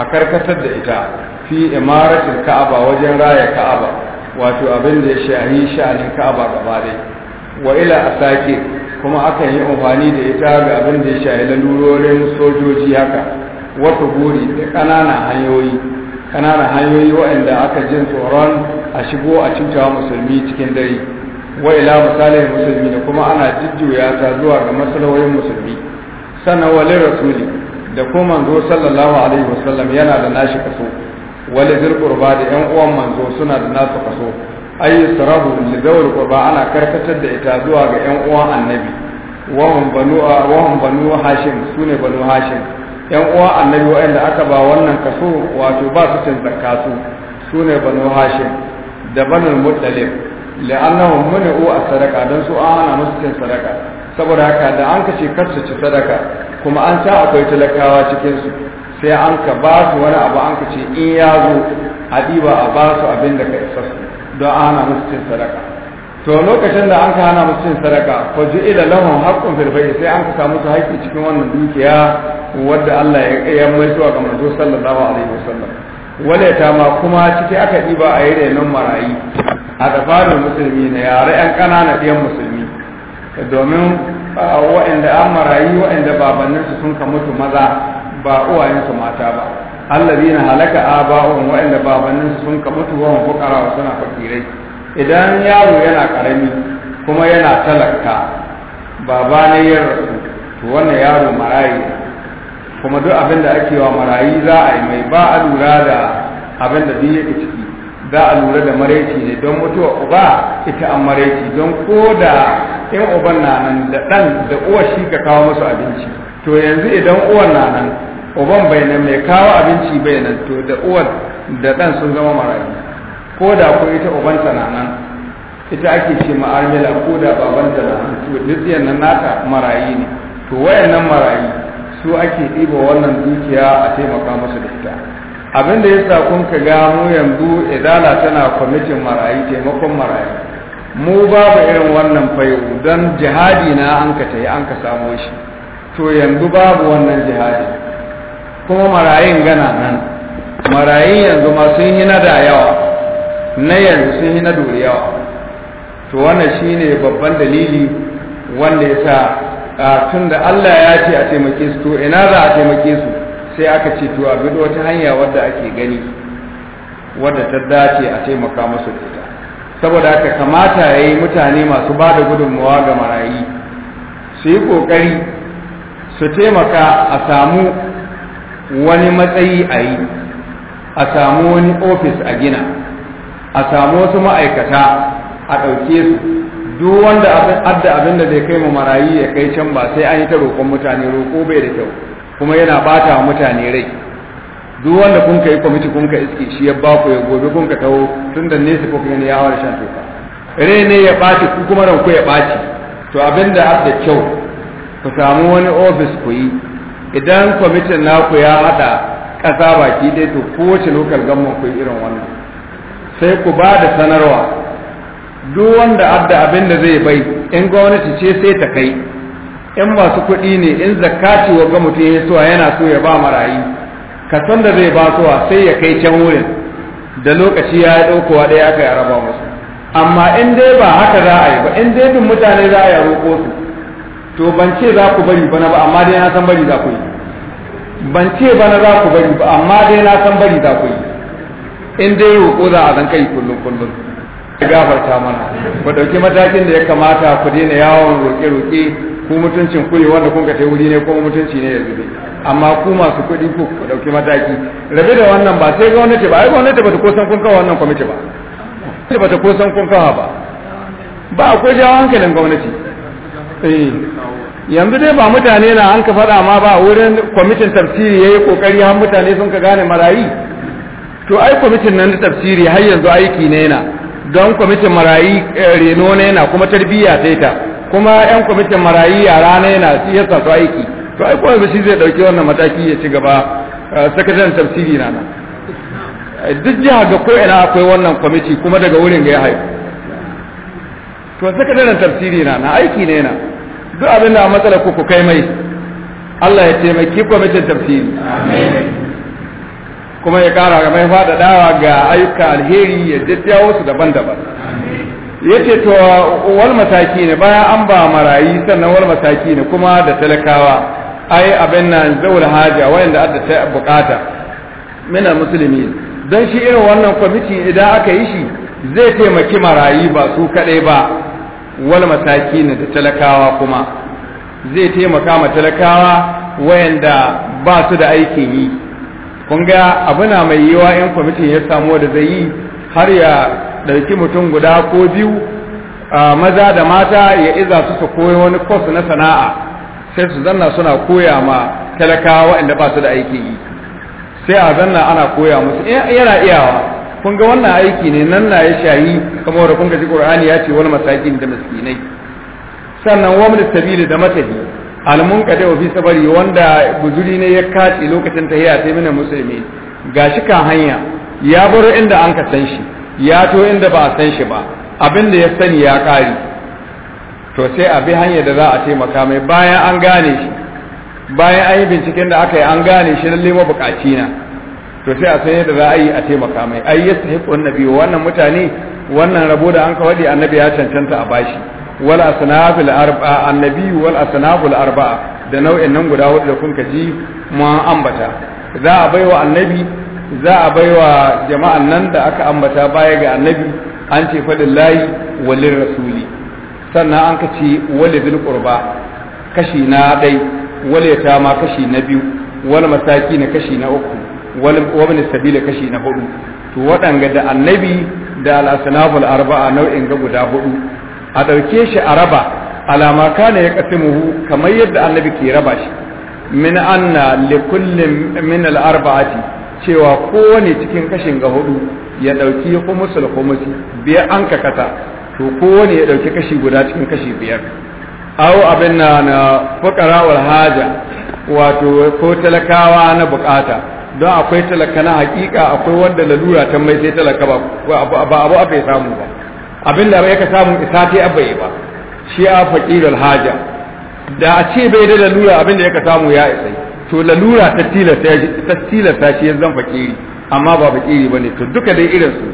a karkatar da ita fi imaratin ka'aba wajen raya ka'aba wato abin da ya shahi sha'anin ka'aba gaba dai wa ila asake kuma akan yi amfani da ita ga abin da ya shahi lalurorin sojoji haka wata guri da ƙananan hanyoyi ƙananan hanyoyi waɗanda aka jin tsoron a shigo a cutawa musulmi cikin dare wa ila misali musulmi da kuma ana jujjuya ta zuwa ga masalahohin musulmi sannan walin rasuli da kuma manzo sallallahu alaihi wasallam yana da nashi kaso wali zir qurba da yan uwan manzo suna da nasu kaso ay sarahu li zawil qurba ana karkatar da ita zuwa ga yan uwan annabi wa hum banu wa hum banu hashim sune banu hashim yan uwa annabi wa'anda aka ba wannan kaso wato ba su cin zakka su sune banu hashim da banu muttalib la'annahum mun'u a sadaka dan su an musu cin sadaka saboda haka da an kace kar ci sadaka kuma an sa akwai talakawa cikin su sai an ka ba su wani abu an ka ce in ya zo a ɗiba a ba su abin da ka isa su don ana musu cin sadaka to lokacin da an ka hana musu cin sadaka fa ju'ila lahum haqqun fil bayt sai an ka samu su haƙƙi cikin wannan dukiya wadda Allah ya mai zuwa ga manzo sallallahu alaihi wasallam wale ta ma kuma ciki aka ɗiba a yi renon marayi a dabarin musulmi na yare 'yan ƙanana ɗiyan musulmi domin waɗanda an marayi waɗanda babanninsu sun kamutu maza ba uwayensu mata ba na halaka aba'uhum wa'anda babannin su sun kamutu wa fuqara wa suna fakirai idan yaro yana karami kuma yana talaka baba ne ya rasu to wannan yaro marayi kuma duk abin da ake wa marayi za a yi mai ba a lura da abin da biye ka ciki za a lura da maraici ne don mutuwa uba ita an maraici don ko da in uban na nan da ɗan da uwa shi ka kawo musu abinci to yanzu idan uwan na nan uban bai nan mai kawo abinci bai nan to da uwar da ɗan sun zama marayu ko da ko ita ta na nan ita ake ce armila ko da babanta na nan to dutsiyan nan nata marayi ne to wayannan marayi su ake ɗiba wannan dukiya a taimaka musu da ita abin da yasa kun ka ga mu yanzu idala tana kwamitin marayi taimakon marayi mu babu irin wannan fayo don jihadi na an ka tayi an ka samo shi to yanzu babu wannan jihadi kuma marayun gana nan marayun yanzu ma sun yi na da yawa na yanzu sun yi na dole yawa to wannan shi ne babban dalili wanda ya sa tun da Allah ya ce a taimake su to ina za a taimake su sai aka ce to a bi wata hanya wadda ake gani wadda ta dace a taimaka musu da saboda haka kamata ya yi mutane masu ba da gudunmawa ga marayi su yi ƙoƙari su taimaka a samu wani matsayi a yi a samu wani ofis a gina a samu wasu ma'aikata a ɗauke su duk wanda adda abin da zai kai mu marayi ya kai can ba sai an yi ta roƙon mutane roƙo bai da kyau kuma yana bata wa mutane rai duk wanda kun kai kwamiti kun ka iske shi ya baku ya gobe kun ka taho tun da nesa ko kuma ya hawa shan toka rai ne ya ɓaci ku kuma ranku ya ɓaci to abin da adda kyau ku samu wani ofis ku yi idan kwamitin naku ya hada ƙasa baki ɗaya to kowace lokal gamman kun irin wannan sai ku ba da sanarwa duk wanda adda abin da zai bai in gwamnati ce sai ta kai in masu kuɗi ne in zakati wa ga mutum ya suwa yana so ya ba marayi san da zai ba suwa sai ya kai can wurin da lokaci ya yi ɗaukowa ɗaya aka yi raba musu amma in dai ba haka za a yi ba in dai duk mutane za a yi roƙo su to ban ce za ku bari bana ba amma dai na san bari za ku yi ban ce bana za ku bari ba amma dai na san bari za ku yi in dai roƙo za a zan kai kullum kullum ya gafarta mana ku ɗauki matakin da ya kamata ku daina yawon roƙe-roƙe ku mutuncin ku wanda kun ka wuri ne kuma mutunci ne ya zube amma ku masu kuɗi ku ku ɗauki mataki rabe da wannan ba sai gwamnati ba ai gwamnati ba ta kosan kun kawo wannan kwamiti ba ba ta kosan kun kawo ba ba akwai jawo hankalin gwamnati Eh, yanzu dai ba mutane na an ka faɗa ma ba wurin kwamitin tafsiri ya yi ƙoƙari har mutane sun ka gane marayi to ai kwamitin nan da tafsiri har yanzu aiki ne na don kwamitin marayi eh, reno ne na kuma tarbiyya ta ta kuma yan kwamitin marayi yara ne na shi ya sa su aiki to ai kwamitin shi zai ɗauki wannan mataki ya ci gaba eh, sakataren tafsiri na nan duk jiha ga ko ina akwai wannan kwamiti kuma daga wurin ga ya haifu to sakataren tafsiri na na aiki ne na duk abin da a matsala ku ku kai mai Allah ya taimaki kwamitin tafsiri kuma ya kara mai faɗaɗawa ga ayyuka alheri ya jajjawo su daban-daban ya to wal mataki ne bayan an ba marayi sannan wal mataki ne kuma da talakawa ai abin nan zaul haja wayanda adda ta bukata mina musulmi dan shi irin wannan kwamiti idan aka yi shi zai taimaki marayi ba su kadai ba wal na da talakawa kuma zai taimaka ma talakawa wayanda ba su da aikin yi kun ga abuna mai yiwa in kwamitin ya samu da zai yi har ya ɗauki mutum guda ko biyu maza da mata ya iza su su koyi wani kwas na sana'a sai su zanna suna koya ma talakawa waɗanda ba su da aikin yi sai a zanna ana koya musu eh, yana iyawa kun ga wannan aiki ne nan na ya shayi kamar da kun ga Qur'ani ya ce wal masakin da miskinai sannan wa min sabili da matahi al munqadi wa fi sabari wanda buzuri ne ya kace lokacin tahiyya sai mina musulmi gashi kan hanya ya baro inda an ka san shi ya to inda ba a san shi ba abin da ya sani ya kare to sai a bi hanyar da za a taimaka mai bayan an gane shi bayan an yi binciken da aka yi an gane shi lalle mabukaci na to sai a san yadda za a yi a taimaka mai ai yastahiqu annabi wannan mutane wannan rabo da an ka wadi annabi ya cancanta a bashi wal asnafil arba annabi wal arba'a da nau'in nan guda hudu da kun ji mu ambata za a baiwa annabi za a baiwa jama'an nan da aka ambata baya ga annabi an ce fa lillahi rasuli sannan an ka ce walidil qurba kashi na dai wale ta ma kashi na biyu wal masaki na kashi na uku wani sabila kashi na hudu to waɗanga da annabi da al'asanaful arba'a nau'in ga guda hudu a ɗauke shi a raba alama kana ya kasimuhu kamar yadda annabi ke raba shi min anna li kullin min al'arba'ati cewa kowane cikin kashin ga hudu ya ɗauki khumusul khumusi biyar an ka kasa to kowane ya ɗauki kashi guda kashi biyar aw abin na na haja wato ko talakawa na bukata don akwai talaka na hakika akwai wanda lalura ta mai sai talaka ba ba abu aka samu ba abin da ya ka samu isa ta abba ba shi a faqirul haja da a ce bai da lalura abin da ya ka samu ya isa to lalura ta tilasta shi ya zan faƙiri amma ba ba ne to duka dai irin su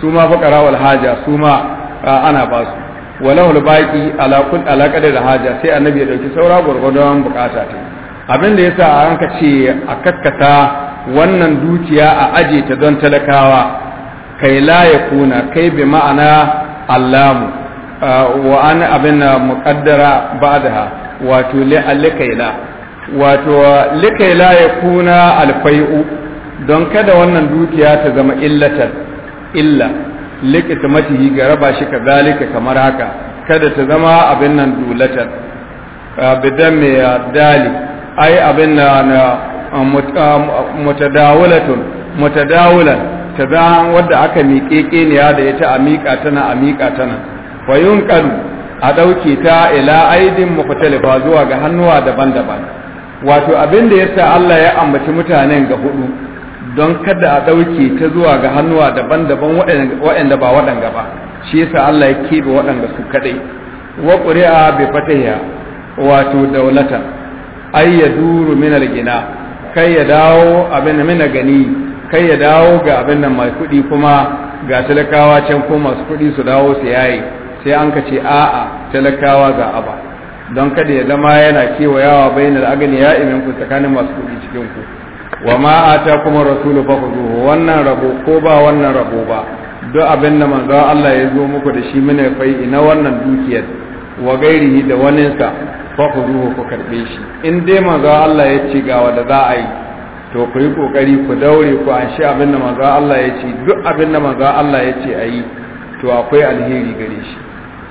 su ma faƙara wal haja su ma ana ba su walau baqi ala kun ala qadar haja sai annabi ya dauki saura gwargwadon bukata ta abin da yasa an ka ce a kakkata wannan dukiya a aje ta don talakawa kai la ya kuna kai bi ma'ana allamu wa an abin muqaddara ba'daha wato li alkaila wato likaila ya kuna alfai'u don kada wannan dukiya ta zama illatar illa likita ga raba shi kazalika kamar haka kada ta zama abin nan dulatar bidan mai dali ai abin na mutadawulatun mutadawulan ta za wadda aka miƙe ƙeniya da ita a miƙa tana a miƙa tana wa yunqalu a ɗauke ta ila aidin mukhtalifa zuwa ga hannuwa daban-daban wato abin da yasa Allah ya ambaci mutanen ga hudu don kada a ɗauke ta zuwa ga hannuwa daban-daban waɗanda ba waɗanga ba shi yasa Allah ya keɓe waɗanda su kaɗai wa ƙuri'a bi fatahiya wato daulatan ay yaduru min al-gina kai ya dawo abin da mina gani kai ya dawo ga abin da mai kuɗi kuma ga talakawa can ko masu kuɗi su dawo su yayi sai an ka ce a'a talakawa ga aba don kada ya zama yana kewayawa bayanar agani ya imin ku tsakanin masu kuɗi cikin ku wa ma ata kuma rasulu fa wannan rabo ko ba wannan rabo ba duk abin da manzo Allah ya zo muku da shi mina fai ina wannan dukiyar wa gairihi da waninsa ko ku duhu ku karbe shi in dai manzo Allah ya ce ga wanda za a yi to ku yi kokari ku daure ku an shi abin da manzo Allah ya ce duk abin da manzo Allah ya ce a yi to akwai alheri gare shi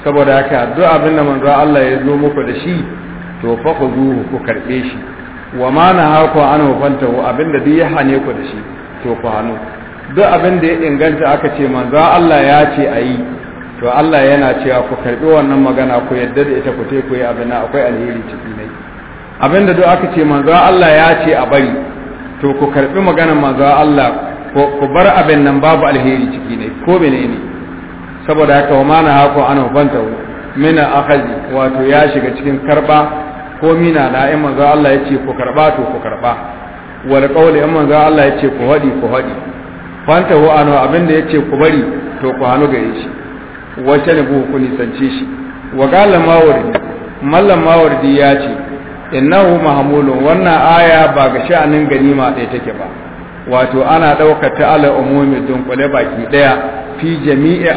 saboda haka duk abin da manzo Allah ya zo muku da shi to fa ku duhu ku karbe shi wa ma na haku an ku abin da duk ya hane ku da shi to ku hano duk abin da ya inganta aka ce manzo Allah ya ce a yi to Allah yana cewa ku karbi wannan magana ku yarda da ita ku te ku yi abin akwai alheri ciki ne abin da duk aka ce manzo Allah ya ce a bari to ku karbi magana manzo Allah ku bar abin nan babu alheri ciki ne ko menene saboda haka wa mana hako ana banta mina akhazi wato ya shiga cikin karba ko mina da in manzo Allah ya ce ku karba to ku karba wal qawli in manzo Allah ya ce ku hadi ku hadi fanta wa ano abin da ya ce ku bari to ku hanu gare shi wata ne ku nisance shi wa kala mawardi mallam ya ce innahu mahmulun wannan aya ba ga sha'anin ganima ɗaya take ba wato ana ɗaukar ta ala umumi dunkule baki ɗaya fi jami'i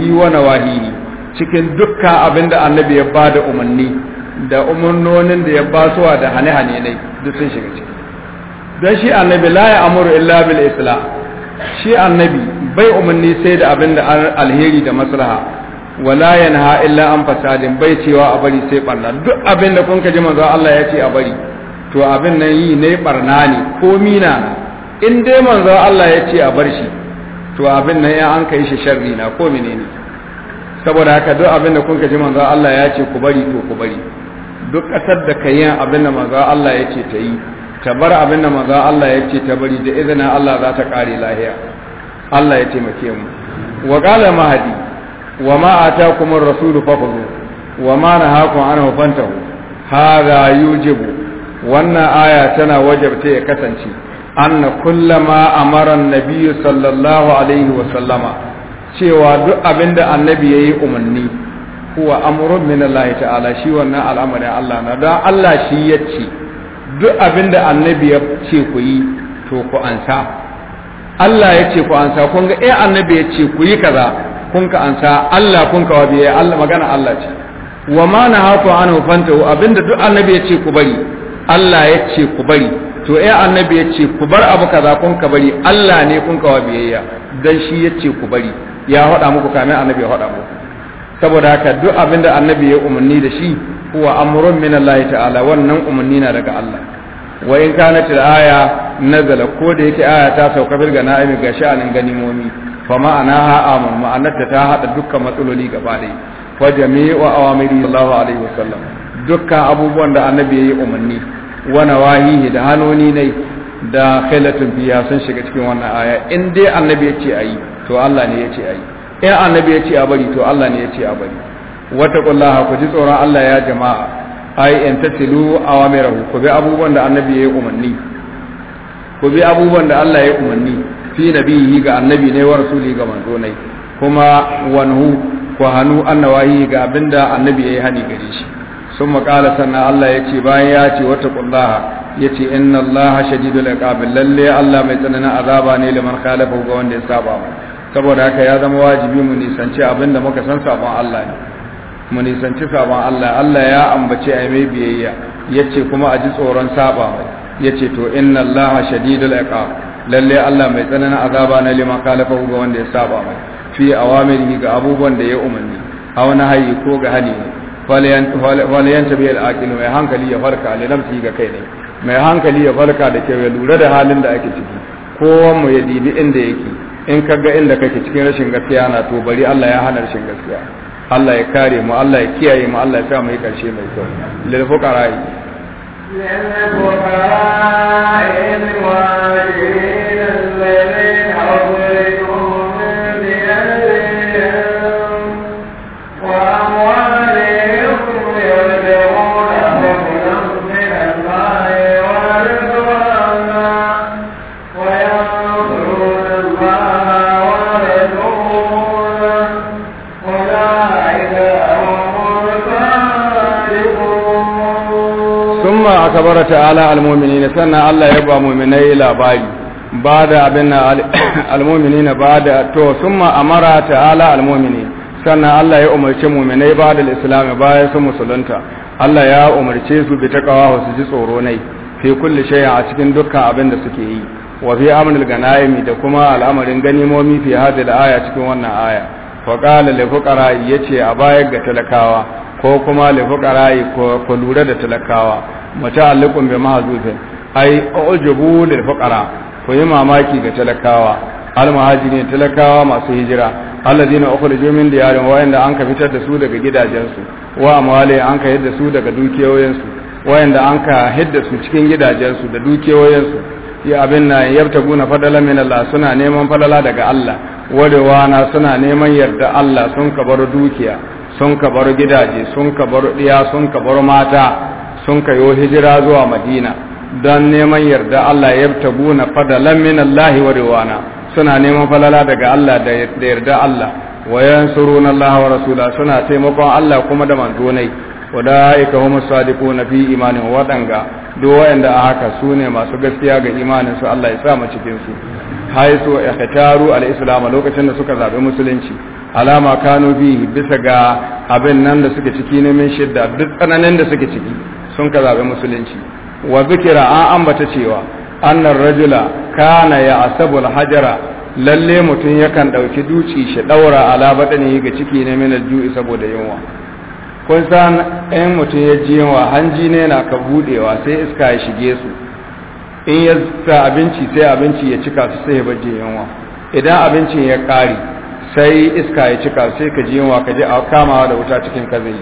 hi wa nawahihi cikin dukkan abinda annabi ya bada umarni da umarnonin da ya ba suwa da hane-hane ne duk sun shiga ciki don shi annabi la ya amuru illa bil islam shi annabi bai umarni sai da abin da alheri da maslaha wala yanha illa an fasadin bai cewa a bari sai barna duk abin da kun ji manzo Allah ya ce a bari to abin nan yi ne barna ne ko mina in dai manzo Allah ya ce a bar shi to abin nan ya an kai shi sharri na ko menene saboda haka duk abin da kun ji manzo Allah ya ce ku bari to ku bari duk kasar da ka yin abin da manzo Allah ya ce ta yi ta bar abin da manzo Allah ya ce ta bari da izinin Allah za ta kare lahiya Allah ya taimake mu wa qala mahdi wa ma ataakum ar-rasul fakhudhu wa ma nahakum anhu fantahu hadha yujibu wannan aya tana wajabta ya kasance anna kullama amara an-nabiy sallallahu alaihi wa sallama cewa duk abinda annabi yayi umarni huwa amrun min Allah ta'ala shi wannan al'amarin Allah na da Allah shi yace duk abinda annabi ya ce ku yi to ku ansa Allah ya ce ku ansa kun ga eh annabi ya ce ku yi kaza kun ka ansa Allah kun ka wabi eh, Allah magana Allah ce wa ma an anhu fantahu abinda duk annabi ya ce ku bari Allah ya ce ku bari to eh annabi ya ce ku bar abu kaza kun ka bari Allah ne kun ka wabi dan shi ya ce ku bari ya hada muku kamin annabi ya hada muku saboda haka duk abinda annabi ya umarni da shi huwa amrun min Allah ta'ala wannan umarni na daga Allah wa in kana til aya nazala ko da yake aya ta sauka bil ganaimi ga sha'anin ganimomi fa ma'ana ha amun ma'anarta ta hada dukkan matsaloli gaba dai fa jami'u awamiri sallallahu alaihi wasallam dukkan abubuwan da annabi yayi umarni wa nawahihi da hanoni ne da khailatun biya sun shiga cikin wannan aya in dai annabi ya ce ayi to Allah ne ya ce ayi in annabi ya ce a bari to Allah ne ya ce a bari wata kullaha ku ji tsoron Allah ya jama'a ay in tasilu awamirahu ku bi abubuwan da annabi ya yi umarni ku bi abubuwan da Allah ya yi umarni fi nabihi ga annabi ne wa rasuli ga manzo ne kuma wanhu ku hanu annawahi ga abinda annabi ya yi hani gare shi sun makala sannan Allah ya ce bayan ya ce wata kullaha ya ce inna Allah shadidul iqab lalle Allah mai tsananin azaba ne liman khalafu ga wanda ya saba mu saboda haka ya zama wajibi mu nisanci abinda muka san sabon Allah ne mu nisanci saban Allah Allah ya ambace a mai biyayya yace kuma a ji tsoron saba yace to inna Allah shadidul iqab lalle Allah mai tsananin azaba na liman kalafa ga wanda ya saba mai fi awamirihi ga abubuwan da ya umarni a wani hayi ko ga hani falayan tabi al mai hankali ya farka li nafsi ga kai ne mai hankali ya farka da kyau ya lura da halin da ake ciki kowa ya dibi inda yake in ka ga inda kake cikin rashin gaskiya na to bari Allah ya hana rashin gaskiya Allah ya kare mu Allah ya kiyaye mu Allah ya sa mu yi karshe mai kyau lil fuqara'i lil fuqara'i fuqara akabara ta'ala almu'minina sannan Allah ya ba mu'minai labari ba da abin *coughs* almu'minina ba da to summa amara ta'ala almu'mini sannan Allah ya umarci mu'minai ba da islam bayan su musulunta Allah ya umarce su bi kawo su ji tsoro nai fi kulli shay'in a cikin dukkan abin da suke yi wa fi amrul ganaimi da kuma al'amarin ganimomi fi hadhihi aya cikin wannan aya fa qala lil fuqara ce a baya ga talakawa ko kuma lil fuqara ko lura da talakawa muta'alliqun bi mahzufin ay ujubu lil fuqara ko yi mamaki ga talakawa al muhajirin talakawa masu hijira alladheena ukhrijoo min diyarin inda an ka fitar da su daga gidajensu wa amwali an ka yadda su daga dukiyoyinsu wayanda an ka hidda su cikin gidajensu da dukiyoyinsu ya abin na yabtaguna fadala min Allah suna neman fadala daga Allah na suna neman yarda Allah sun ka dukiya sun ka gidaje sun ka diya sun ka mata sun kayo hijira zuwa madina don neman yarda Allah ya tabu na fadalan min Allah wa riwana suna neman falala daga Allah da yarda Allah wa yansuruna Allah wa rasula suna taimakon Allah kuma da manzonai wada'ika humus sadiquna fi imanin wadanga duk wayanda a haka sune masu gaskiya ga imanin su Allah ya sa mu cikin su haisu khataru al-islam lokacin da suka zabi musulunci alama kano bi bisa ga abin nan da suke ciki ne min shidda duk tsananin da suke ciki sun ka zabi musulunci wa zikira an ambata cewa annar rajula kana ya asabul hajara lalle mutum yakan ɗauki duci shi daura ala badani ga ciki ne min al-ju'i saboda yunwa kun san ɗayan mutum ya ji yunwa hanji ne na ka buɗewa sai iska ya shige su in ya sa abinci sai abinci ya cika su sai ya baje yanwa idan abincin ya kare sai iska ya cika sai ka ji yanwa ka je a kamawa da wuta cikin ka zai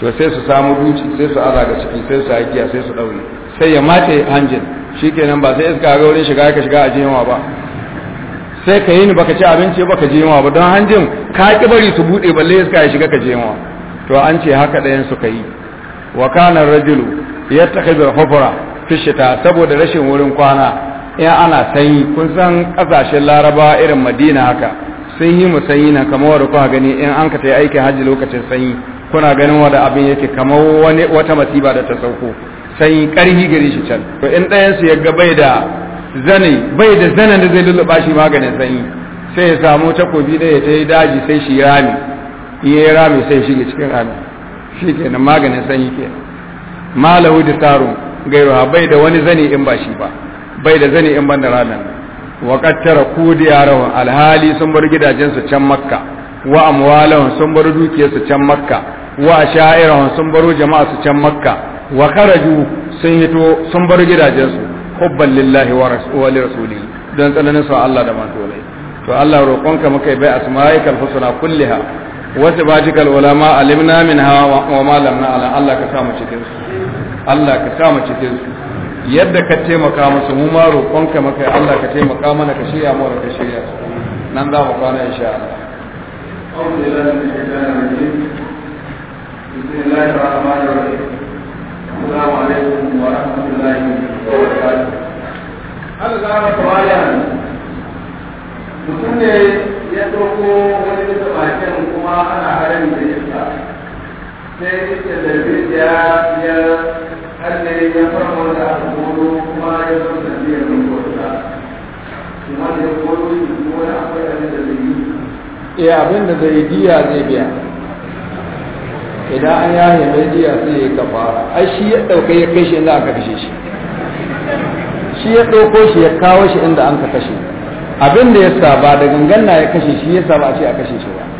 to sai su samu duci sai su azaga ga ciki sai su haƙiya sai su ɗaure sai ya mace hanjin shikenan ba sai iska ga wurin shiga ka shiga a jiyanwa ba sai ka yi ni baka ci abinci ka ji yanwa ba don hanjin ka ki bari su buɗe balle iska ya shiga ka ji yanwa to an ce haka ɗayan ka yi wa kana rajulu yattakhidhu hufra fishita saboda rashin wurin kwana in ana sanyi kun san kasashen laraba irin madina haka sun yi mu sanyi na kamar wadda kuka gani in an ka ta yi aikin hajji lokacin sanyi kuna ganin wadda abin yake kamar wani wata masiba da ta sauko sanyi karhi gare shi can to in ɗayan ya ga bai da zane bai da zanen da zai lulluɓa shi maganin sanyi sai ya samu takobi ɗaya ta yi daji sai shi rami iya rami sai shige cikin rami shi kenan maganin sanyi kenan malahu da sarun gairuwa bai da wani zani in ba shi ba bai da zani in ban da ranar wa qattara kudiyarahum alhali sun bar gidajensu can makka wa amwalahum sun bar dukiyarsu can makka wa sha'irahum sun baro jama'a su can makka wa kharaju sun hito sun bar gidajensu hubban lillahi wa rasuli don tsananin sa Allah da matolai to Allah roƙonka muka bai asma'ikal husna kulliha wasu bajikal ulama alimna minha wa ma lam ala Allah ka samu cikin su Allah ka sa mace cikin su yadda ka taimaka musu mu ma roƙonka maka Allah ka taimaka mana ka shirya mu ka shirya nan za mu kwana insha Allah mutum ne ya ɗauko wani da bakin kuma ana harin da yasa sai ita da ya ya halle ya farko da abubuwa kuma ya zo da biyar da kota kuma da kota shi kuma ya akwai abin da zai yi eh abin da zai diya zai biya idan an yaye mai diya sai ya kafara ai shi ya dauke ya kai shi inda aka kashe shi shi ya ɗauko shi ya kawo shi inda an ka kashe abin da ya saba da gangan na ya kashe shi ya saba a ce a kashe shi ba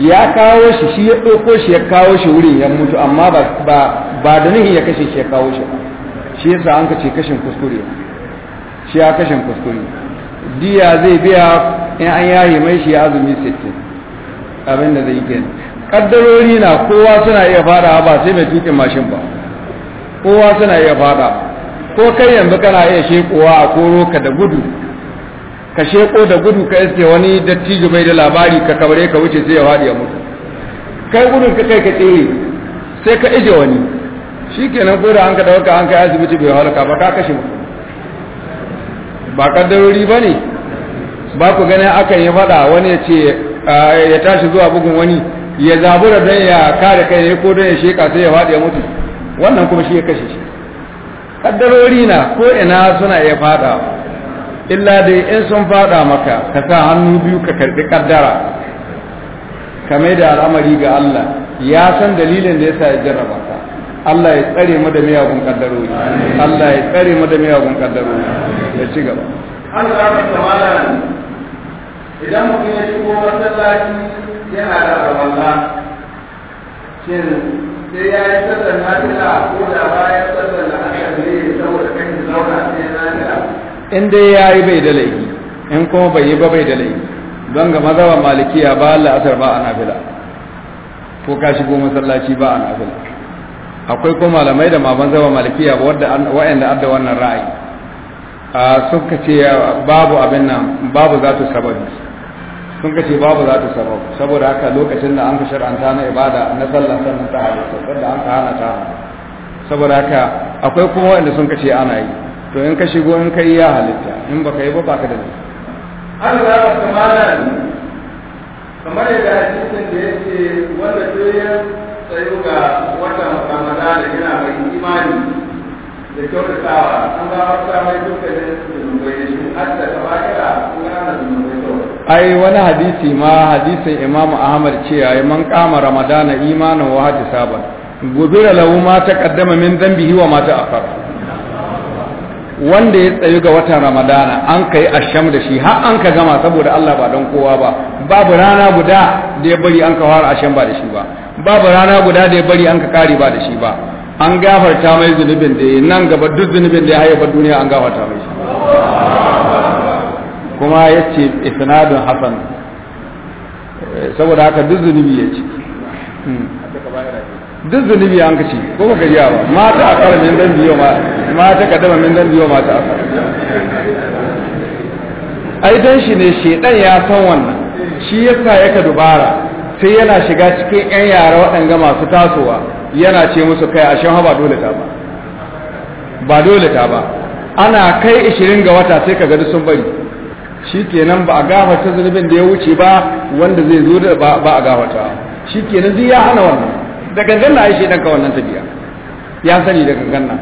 ya kawo shi shi ya ɗauko shi ya kawo shi wurin ya mutu amma ba da nihin ya kashe shi ya kawo shi shi yasa an ka ce kashin kuskure shi ya kashin kuskure diya zai biya in an yaye mai shi ya azumi sittin abin da zai gani kaddarori na kowa suna iya fada ba sai mai tukin mashin ba kowa suna iya fada ko kai yanzu kana iya shekowa a koro ka da gudu ka sheko da gudu ka iske wani dattijo mai da labari ka kabare ka wuce sai ya faɗi ya mutu kai gudun ka kai ka tsere sai ka ije wani shikenan ko da an ka dauka an kai asibiti bai halaka ba ka kashe mutu ba kaddarori ba ne ba ku gani akan yi faɗa wani ya ce ya tashi zuwa bugun wani ya zabura don ya kare kai ko don ya sheka sai ya faɗi ya mutu wannan kuma shi ya kashe shi kaddarori na ko ina suna iya faɗa illa dai in sun fada maka ka sa hannu biyu ka karbi kaddara ka mai da al'amari ga Allah ya san dalilin da yasa ya jarraba ka Allah ya tsare mu da miyagun kaddarori Allah ya tsare mu da miyagun kaddarori ya ci gaba tsare mu da idan mu ya shigo masallaci yana da raballa shin sai ya yi sallar nafila ko da ya sallar nafila ne saboda kan zauna sai in dai ya yi bai da laifi in kuma bai yi ba bai da laifi don ga mazhaban malikiya ba la'asar ba a nafila ko ka shigo masallaci ba a nafila akwai kuma malamai da maman zaba malikiya wa'anda adda wannan ra'ayi a sun ka ce babu abin nan babu za su sababi sun ka ce babu za su sababu saboda haka lokacin da an ka shar'anta na ibada na sallah sannan ta halitta da an ka hana ta saboda haka akwai kuma wa'anda sun ka ce ana yi to in ka shigo in kai ya halitta in baka yi ba ka da zai an kama ba kamalan kamar yadda cikin da yake wanda to ya tsayo ga watan Ramadan da yana mai imani da kyautatawa an ga wata mai da zunubai da shi hatta kaba'ira ko yana zunubai ai wani hadisi ma hadisin imam ahmad cewa man kama ramadana imanin wa hadisaban gubira lahu ma taqaddama min dhanbihi wa ma ta'akhkhara wanda ya tsayu ga watan ramadana an kai asham da shi har an ka gama saboda Allah ba don kowa ba babu rana guda da ya bari an ka fara asham ba da shi ba babu rana guda da ya bari an ka kare ba da shi ba an gafarta mai zunubin da ya nan gaba duk zunubin da ya haifa duniya an gafarta mai shi kuma ya ce isnadun hasan eh, saboda haka duk zunubi ya ce hmm. duk zunubi an kace ko ba gariya ba mata akara min dan biyo ma mata kadama min dan biyo mata a ai dan shi ne shedan ya san wannan shi yasa yaka dubara sai yana shiga cikin yan yara waɗanga masu tasowa yana ce musu kai ashen haba dole ta ba ba dole ta ba ana kai 20 ga wata sai ka gadi sun bari shi kenan ba a gafarta zunubin da ya wuce ba wanda zai zo da ba a gafarta shi kenan zai ya hana wannan da gangan na ai shedan ka wannan tabiya ya sani da gangan na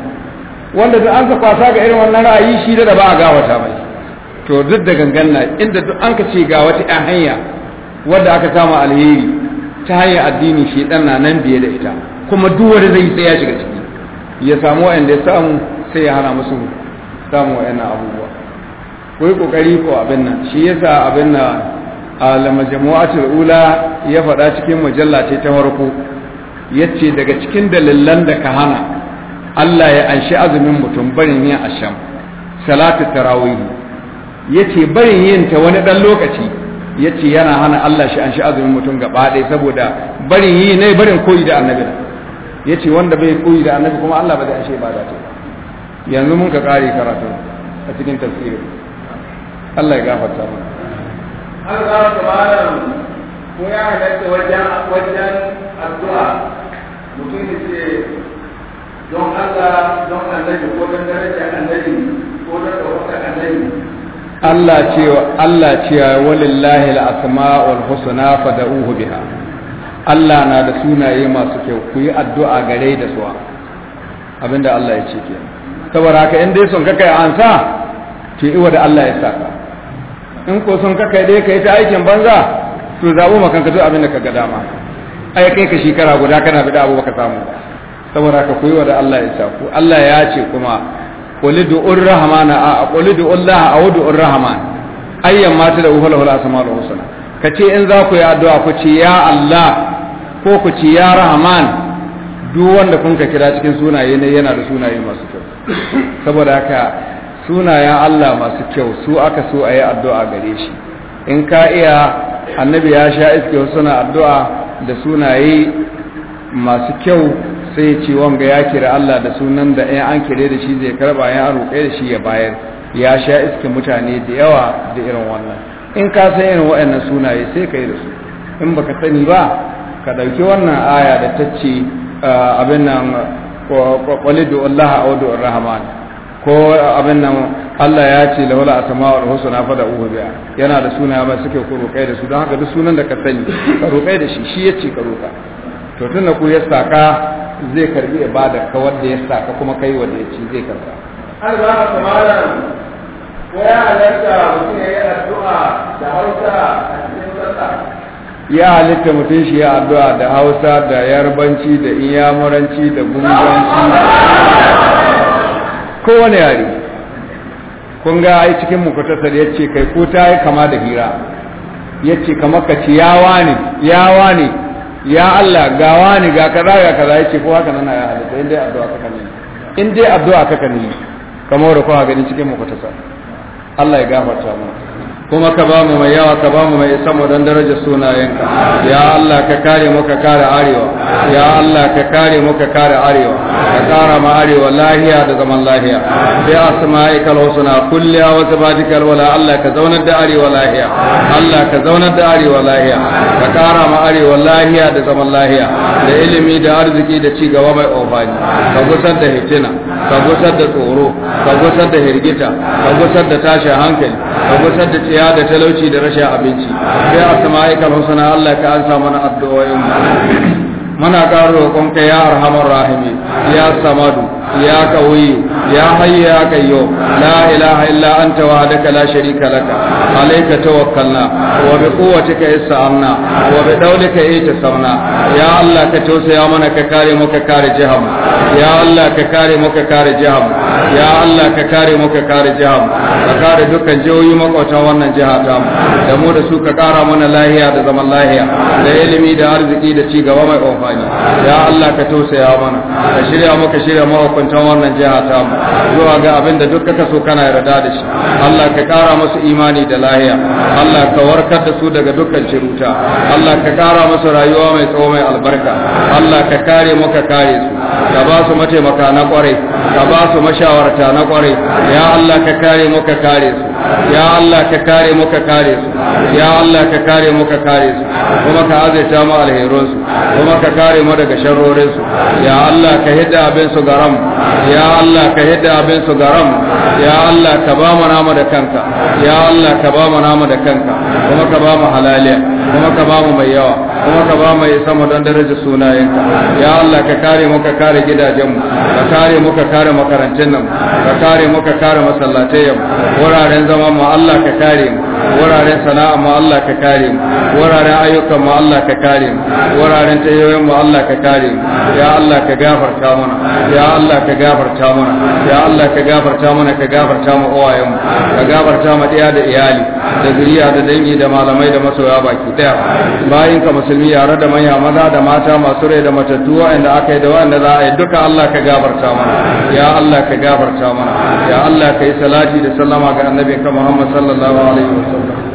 wanda duk an saka kwasa ga irin wannan ra'ayi shi da ba a wata mai to duk da gangan na inda duk an ka ce ga wata ɗan hanya wadda aka samu alheri ta hanyar addini dan na nan biye da ita kuma duk wanda zai tsaya shiga ciki ya samu wanda ya samu sai ya hana musu samu wa'annan abubuwa ku kokari ko abin nan shi yasa abin nan a lamajmu'atul ula ya faɗa cikin mujalla ce ta farko yace daga cikin dalilan da ka hana Allah ya anshi azumin mutum barin yin asham salatu tarawih yace barin yin ta wani dan lokaci yace yana hana Allah shi anshi azumin mutum gaba ɗaya saboda barin yi ne barin koyi da annabi yace wanda bai koyi da annabi kuma Allah ba zai anshi ibada ta yanzu mun ka kare karatu a cikin tafsiri Allah ya gafarta mana Allah ya gafarta mana ko ya halatta wajen addu'a mutum ya ce don Allah don annabi ko don daraja annabi ko don ɗaukaka annabi Allah ce Allah cewa walillahi al-asma'ul husna fad'uhu biha Allah na da sunaye masu kyau ku yi addu'a gare da su abinda Allah ya ce ke saboda haka in dai son kaka ansa ce iwa da Allah ya saka in ko son kaka dai kai ta aikin banza to zabo ka zo abinda ka ga dama ai kai ka shekara guda kana da abu baka samu ba saboda ka koyi wa da Allah ya sa ku Allah ya ce kuma qul du'ur rahmana a qul du'ullaha a du'ur rahman ayyan ma da uhul hul asmaul husna ka ce in za ku yi addu'a ku ce ya Allah ko ku ce ya rahman duk wanda kun ka kira cikin sunaye ne yana da sunaye masu kyau saboda haka sunayen Allah masu kyau su aka so a yi addu'a gare shi in ka iya annabi ya sha iske suna addu'a da sunaye masu kyau sai ya ce wanga ya kira Allah da sunan da ɗaya an kire da shi zai karba ya roƙe da shi ya bayar ya sha iske mutane da yawa da irin wannan in ka san irin waɗannan sunaye sai ka yi da su in ba ka sani ba ka ɗauki wannan aya da ta ce ah, abin nan kwalidu Allah a rahman ko abin nan Allah ya ce lawala asma'ul husna fa da uwa biya yana da suna ba suke ku roƙai da su don haka duk sunan da ka sani ka roƙai da shi shi yace ka roƙa to tunda ku ya saka zai karbi ibada ka wanda ya saka kuma kai wanda ya ci zai karba Allah ta mala ko ya halatta mutum ya yi addu'a da Hausa a cikin sallah ya halitta mutum shi ya addu'a da Hausa da Yarbanci da Iyamuranci da Gunganci *laughs* kowane yare kun ga ai cikin mukutasar ya ce kai ko ta yi kama da hira ya ce kama ka ce ya wani ya wani ya Allah gawa wani ga kaza ga kaza ya ce ko haka nan ya halitta in dai addu'a ka kane in dai addu'a ka kane kamar da kowa gani cikin mukutasar Allah ya gafarta mana kuma ka ba mu mai yawa ka ba mu mai mu don daraja sunayenka ya Allah ka kare mu ka kare arewa ya Allah ka kare mu ka kare arewa ka kara ma arewa lahiya da zaman lahiya bi asma'ikal husna kulliya wa sifatikal wala Allah ka zaunar da arewa lahiya Allah ka zaunar da arewa lahiya ka kara ma arewa lahiya da zaman lahiya da ilimi da arziki da ci gaba mai ofani ka gusar da hitina ka gusar da tsoro ka gusar da hirgita ka gusar da tashin hankali ka gusar da ciya cuta da talauci da rashin abinci sai a sama'ika husna Allah ka ansa mana addu'o'in muna karo roƙon ka ya arhamar rahimi ya samadu ya kawiyu يا حي يا قيوم لا إله إلا أنت وحدك لا شريك لك عليك توكلنا وبقوتك استعنا وبدولك اعتصمنا يا الله كتوس يا من ككاري مككاري جهم يا الله ككاري مككاري جهم يا الله ككاري مككاري جهم ككاري دكان جوي مكوتا وانا جهاتا da mu da su ka kara mana lahiya da zaman lahiya da ilimi da arziki da ci gaba mai amfani ya Allah ka tausaya mana ka shirya maka shirya mahukuntan wannan jiha mu zuwa ga abin da duk kaka so kana yarda da shi Allah ka kara musu imani da lahiya Allah ka warkar da su daga dukkan ciruta Allah ka kara musu rayuwa mai tsawo mai albarka Allah ka kare muka kare su ka ba su mataimaka na kwarai ka ba su mashawarta na kwarai ya Allah ka kare muka kare su ya Allah ka kare muka kare su ya Allah ka kare muka kare su kuma ka azaita mu alherin su kuma ka kare mu daga sharrorin su ya Allah ka hidda abin su garam ya Allah ka ka hidda abin su garam ya Allah ka ba mu namu da kanka ya Allah ka ba mu namu da kanka kuma ka ba mu halaliya kuma ka ba mu mai yawa kuma ka ba mu isa mu don daraja sunayenka ya Allah ka kare mu ka kare gidajenmu ka kare mu ka kare makarantun nan ka kare mu ka kare masallatai wuraren zama mu Allah ka kare mu wuraren sana'a ma Allah ka kare mu wuraren ayyukan ma Allah ka kare mu wuraren tayoyin ma Allah ka kare ya Allah ka gafarta mana ya Allah ka gafarta mana ya Allah ka gafarta mana ka gafarta mu uwayen mu ka gafarta mu ɗaya da iyali da zuriya da dangi da malamai da masoya baki daya bayin ka musulmi yare da manya maza da mata masu rai da matattu wa'anda aka yi da wa'anda za a yi duka Allah ka gafarta mana ya Allah ka gafarta mana ya Allah ka yi salati da sallama ga annabinka Muhammad sallallahu alaihi wasallam Gracias.